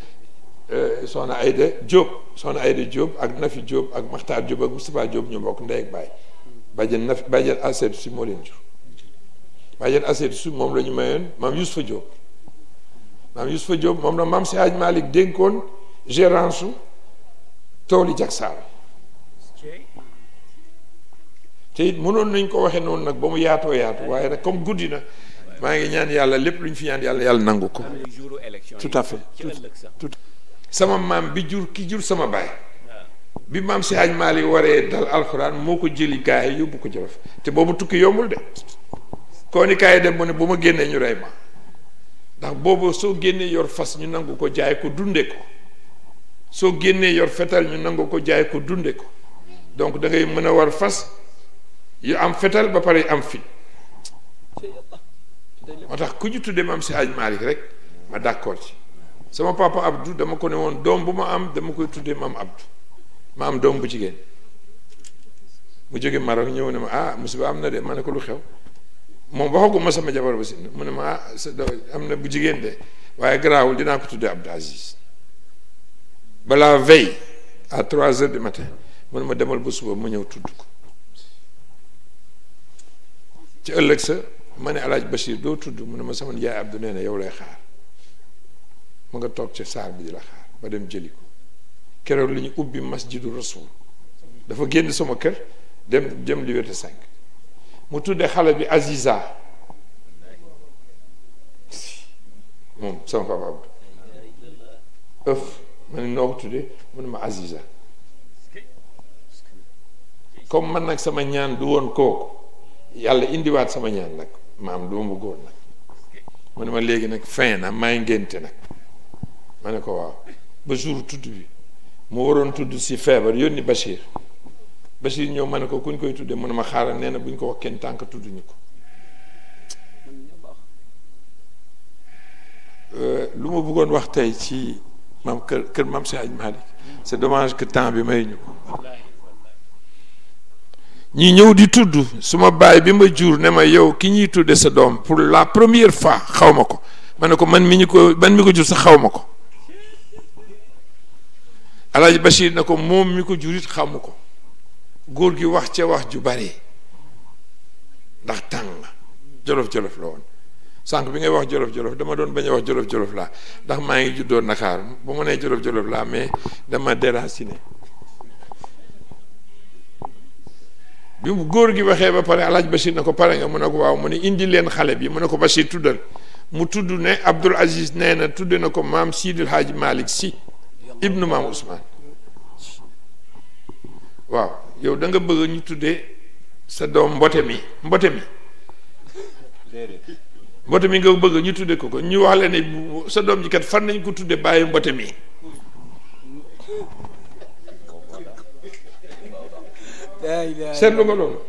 eh, soxna Ayda Diop soxna Ayda Diop ak Nafi Diop ak Makhtar Diop ak Moustapha Diop ñu bokk ndey ak baay bàjjen Nafi si moom lañu ñu mayoon maam Yusufa Diop maam Youssoupha Diop moom na maam si Hadj Malick dénkoon gérance su tooli jaksaar te it mënoon nañ ko waxee noonu nag ba mu yaatoo yaatu waaye nag comme guddi na maa ngi ñaan yàlla lépp lu ñu fi ñaan yàlla yàlla nangu ko tout à fait tout sama maam bi jur ki jur sama baay bi maam si Hadj Malick waree dal alxuraan moo ko jëli gaay yóbbu ko jolof te boobu tukki yombul de koo ni kaay dem mu ne bu ma génnee ñu rey ma ndax boobu soo génnee yor fas ñu nangu ko jaay ko dunde ko soo génnee yor fetal ñu nangu ko jaay ko dunde ko donc da mën a war fas yu am fetal ba pare am fit moo tax ku ñu tuddee maam si aj Malick rek ma d'accord ci sama papa Abdou dama ko ne woon doom bu ma am dama koy tuddee maam Abdou ma am doom bu jigéen mu jóge Maroc ñëw ne ma ah musiba am na de ma ne ko lu xew moom waxaguma sama jabar ba si mu ne ma ah sa am na bu jigéen de waaye garaawul dinaa ko tuddee Abdou Aziz balaa veille à trois heures du matin mu ne ma demal ba suba ma ñëw tudd ko ci ëllëg sa ma ne alaaj Bachir doo tudd mu ne ma sama njaay Abdou nee na yow lay xaar mu nga toog ci saar bi di la xaar ba dem jëli ko keroog li ñu ubbi masjidu rasul dafa génn sama kër dem jëm liberté cinq mu tudde xale bi Aziza moom sama papa Abdou ëf ma ne noo ko tuddee mu comme man nag sama ñaan du woon kooku yàlla indiwaat sama ñaan nag maam du ma nag mu ne ma léegi nag fin na maay ngénte nag ma ne ko waaw ba jour tudd bi mu waroon tudd si feebar yónni Bachir Bachir ñëw ma ne ko kuñ koy tuddee mu ne ma xaaral nee na buñ ko wax kenn tànk ñu ko euh, lu ma buggoon wax tey ci maam kër kër maam Seydi Malick c'est dommage que temps bi may ñëw ñi ñëw di tudd suma baay bi ma jur ne ma yow ki ñuy tudde sa doom pour la première fois xaw ma ko ma ne ko man mi ko man mi ko jur sa xaw ma ko Alaaji Bachir na ko moom mi ko jur it xamu ko góor gi wax ca wax ju bari ndax tàng jolof-jolof la woon sànq bi ngay wax jolof-jolof dama doon bañ a wax laa ndax maa ngi juddoo Ndakaaru bu ma nee jolof-jolof laa mais dama déraciné bi mu góor gi waxee ba pare alaaj Bachir na ko pare nga mu ne ko waaw mu ne indi leen xale bi mu ne ko Bachir tuddal mu tudd ne Abdul Aziz nee na tudd na ko maam Sidil Hadj Malick si ibnu maam Ousmane waaw yow danga bëgg ñu tuddee sa doom mbote mi mbote mi mbote mi nga bëgg ñu tuddee ko ko ñu wax la ne sa doom ji fan nañ ko tuddee bàyyi mbote mi seetlu nga loolu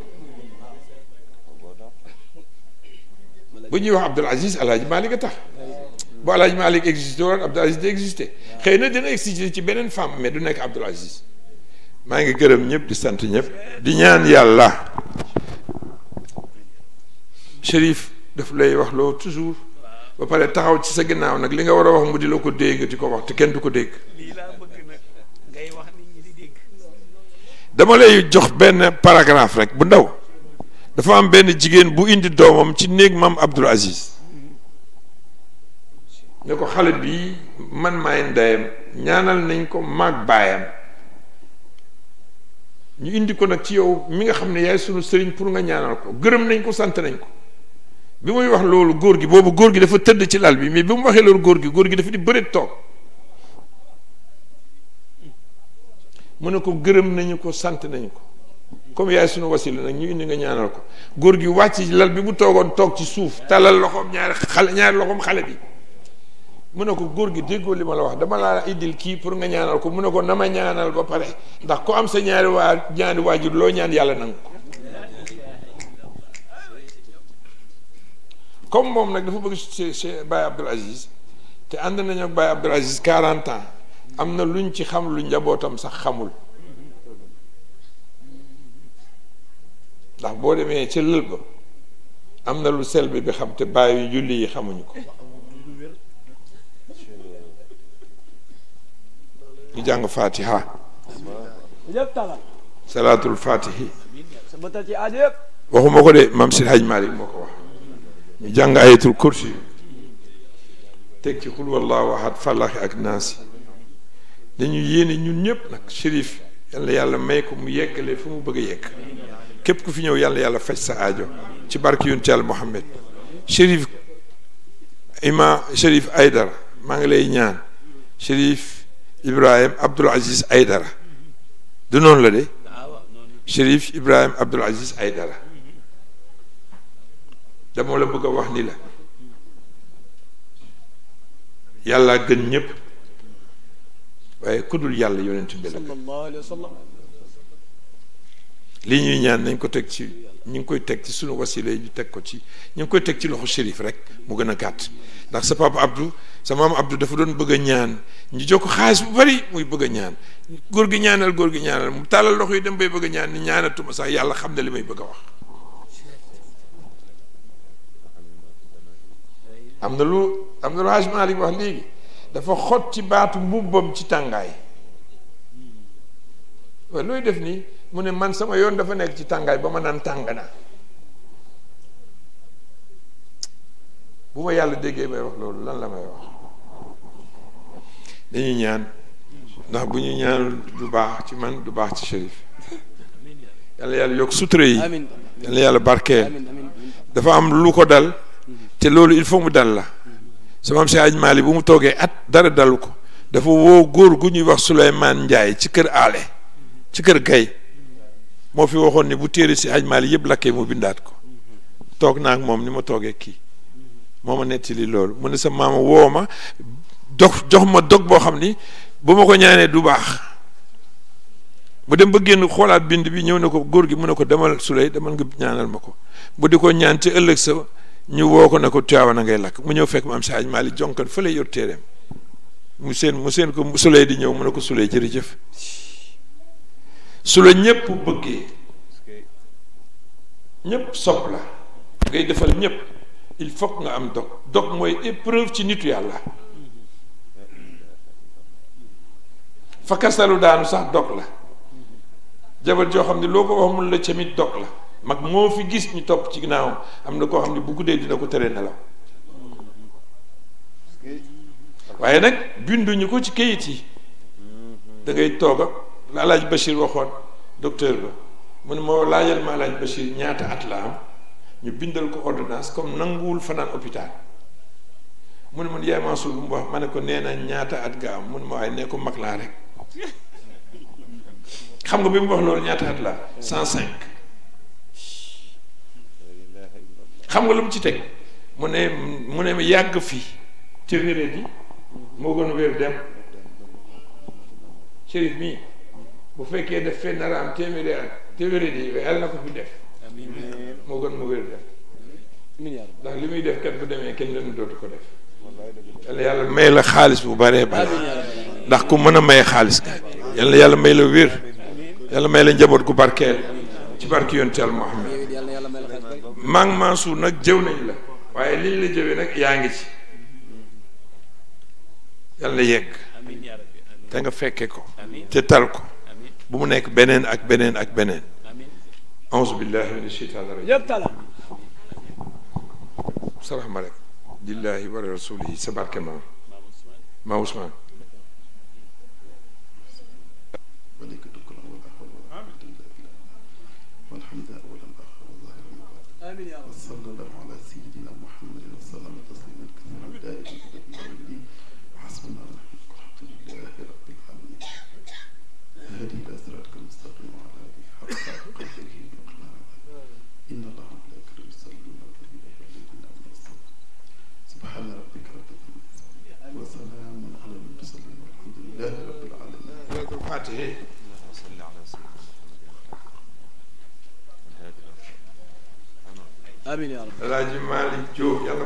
bu ñuy wax Abdul Aziz Alaaji Malik a tax bu Alaaji Malik existé woon Abdul Aziz di existé xëy na dina existé ci beneen femme mais du nekk Abdul Aziz maa ngi gërëm ñëpp di sant ñëpp di ñaan yàlla Chérif daf lay wax loo toujours ba pare taxaw ci sa ginnaaw nag li nga war a wax mu di la ko dégg di ko wax te kenn du ko dégg dama lay jox benn paragraphe rek bu ndaw dafa am benn jigéen bu indi doomam ci néeg maam Abdoul Aziz ne ko xale bi man maay ndeyam ñaanal nañ ko maag baayam ñu indi ko nag ci yow mi nga xam ne yaay sunu sëriñ pour nga ñaanal ko gërëm nañ ko sant nañ ko bi muy wax loolu góor gi boobu góor gi dafa tëdd ci lal bi mais bi mu waxee loolu góor gi góor gi dafa di bëreet toog mu ne ko gërëm nañu ko sant nañ ko comme yaay sunu wasila nag ñu indi nga ñaanal ko góor gi wàcc ci lal bi bu toogoon toog ci suuf talal loxoom ñaari xale ñaari loxoom xale bi mu ne ko góor gi déggoo li ma la wax dama laa indil kii pour nga ñaanal ko mu ne ko na ma ñaanal ba pare ndax ko am sa ñaari waa ñaari waajur loo ñaan yàlla nangu ko comme moom nag dafa bëgg chez Baye Abdoul Aziz te ànd nañu ak Baye Abdoul Aziz 40 ans am na luñ ci xam lu njabootam sax xamul ndax boo demee ci lël ba am na lu sel bi xam te bàyyi julli yi xamuñu ko ñu jàng fatiha salaatul fatihi waxuma ko de maam Seydi Hadji Malick moo ko wax ñu jàng ayatul kursi teg ci xul wallahu ahad falaxi ak naasi dañu yéene ñun ñëpp nag shérif yàlla yàlla may ko mu yeggale fu mu bëgg a yegg képp ku fi ñëw yàlla yàlla faj sa aajo ci barke yonent Yàlla Muhammad shérif ima shérif Aydara maa ngi lay ñaan shérif Ibrahim Abdoul Aziz Aydara du noonu la de Chérif Ibrahim Abdoul Aziz Aydara dama la bëgg a wax ni la yàlla gën ñëpp waaye ku dul yàlla yonent bi la li ñuy ñaan nañ ko teg ci ñu ngi koy teg ci sunu wasila yi ñu teg ko ci ñu ngi koy teg ci loxo shérif rek mu gën a gàtt ndax sa papa Abdou sa maam Abdou dafa doon bëgg ñaan ñu jox ko xaalis bu bari muy bëgg ñaan góor gi ñaanal góor gi ñaanal mu tàllal loxo dem bay bëgg ñaan ni ñaanatuma sax yàlla xam na li may bëgg a wax. am na lu am na lu Hajj Malick wax léegi dafa xot ci baatu mbubbam ci tàngaay waaye looy def nii. mu ne man sama yoon dafa nekk ci tàngaay ba ma naan tàng na bu ma yàlla déggee may wax loolu lan la may wax dañuy ñaan ndax bu ñu ñaan du baax ci man du baax ci Chérif yàlla yàlla yokk sutura yi yàlla yàlla barkeel dafa am lu ko dal te loolu il faut mu dal la sama am si aj maali bu mu toogee at dara dalu ko dafa woo góor gu ñuy wax Souleymane Ndiaye ci kër aale ci kër gay moo fi waxoon ni bu téere si ajmaali yëpp lakkee mu bindaat ko toog naa moom ni ma toogee kii moo ma nettali loolu mu ne sa maama woo ma dog jox ma dog boo xam ni bu ma ko ñaanee du baax mu dem ba génn xoolaat bind bi ñëw na ko góor gi mu ne ko demal suley demal nga ñaanal ma ko bu di ko ñaan te ëllëg sa ñu woo ko ne ko tuyawa na ngay lakk mu ñëw fekk ma am maali ajmaali jonkan fële yor téereem mu seen mu seen ko suley di ñëw mu ne ko suley jërëjëf su la ñépp bëggee ñépp sopp la ngay defal ñépp il faut nga am dog dog mooy épreuve ci nitu yàlla fakasalu daanu sax dog la jabar joo xam ne loo ko wax mun la camit dog la mag moo fi gis ñu topp ci ginnaaw am na koo xam ne bu guddee dina ko tere nelaw waaye nag binduñu ko ci kayit yi da ngay la alaaj Bachir waxoon docteur ba mu ne moo laajal ma alaaj Bachir ñaata at la am ñu bindal ko ordonnance comme nanguwul fanaan hôpital mu ne mu ma ne nee na ñaata at nga am mu ne ma waaye xam nga bi mu wax loolu ñaata xam nga lu ci teg mu ne mu yàgg fii ci wéré di moo gën a wér dem chérif mii bu fekkee def fee nar a am téeméeri at téeméeri di yàlla na ko fi def moo gën mu wér def ndax li muy def kat bu demee kenn leen dootu ko def yàlla yàlla may la xaalis bu baree bare ndax ku mën a may xaalis ka yàlla yàlla may la wér yàlla may la njaboot gu barkeel ci barke yonent yàlla Muhammad maa ngi Mansour nag jëw nañ la waaye liñ la jëwee nag yaa ngi ci yàlla yegg te nga fekke ko te tal ko bu mu nekk beneen ak beneen ak beneen auzu billahi min wa rasulihi amiin yaa rabbi alaaji Maalik Jóob yàlla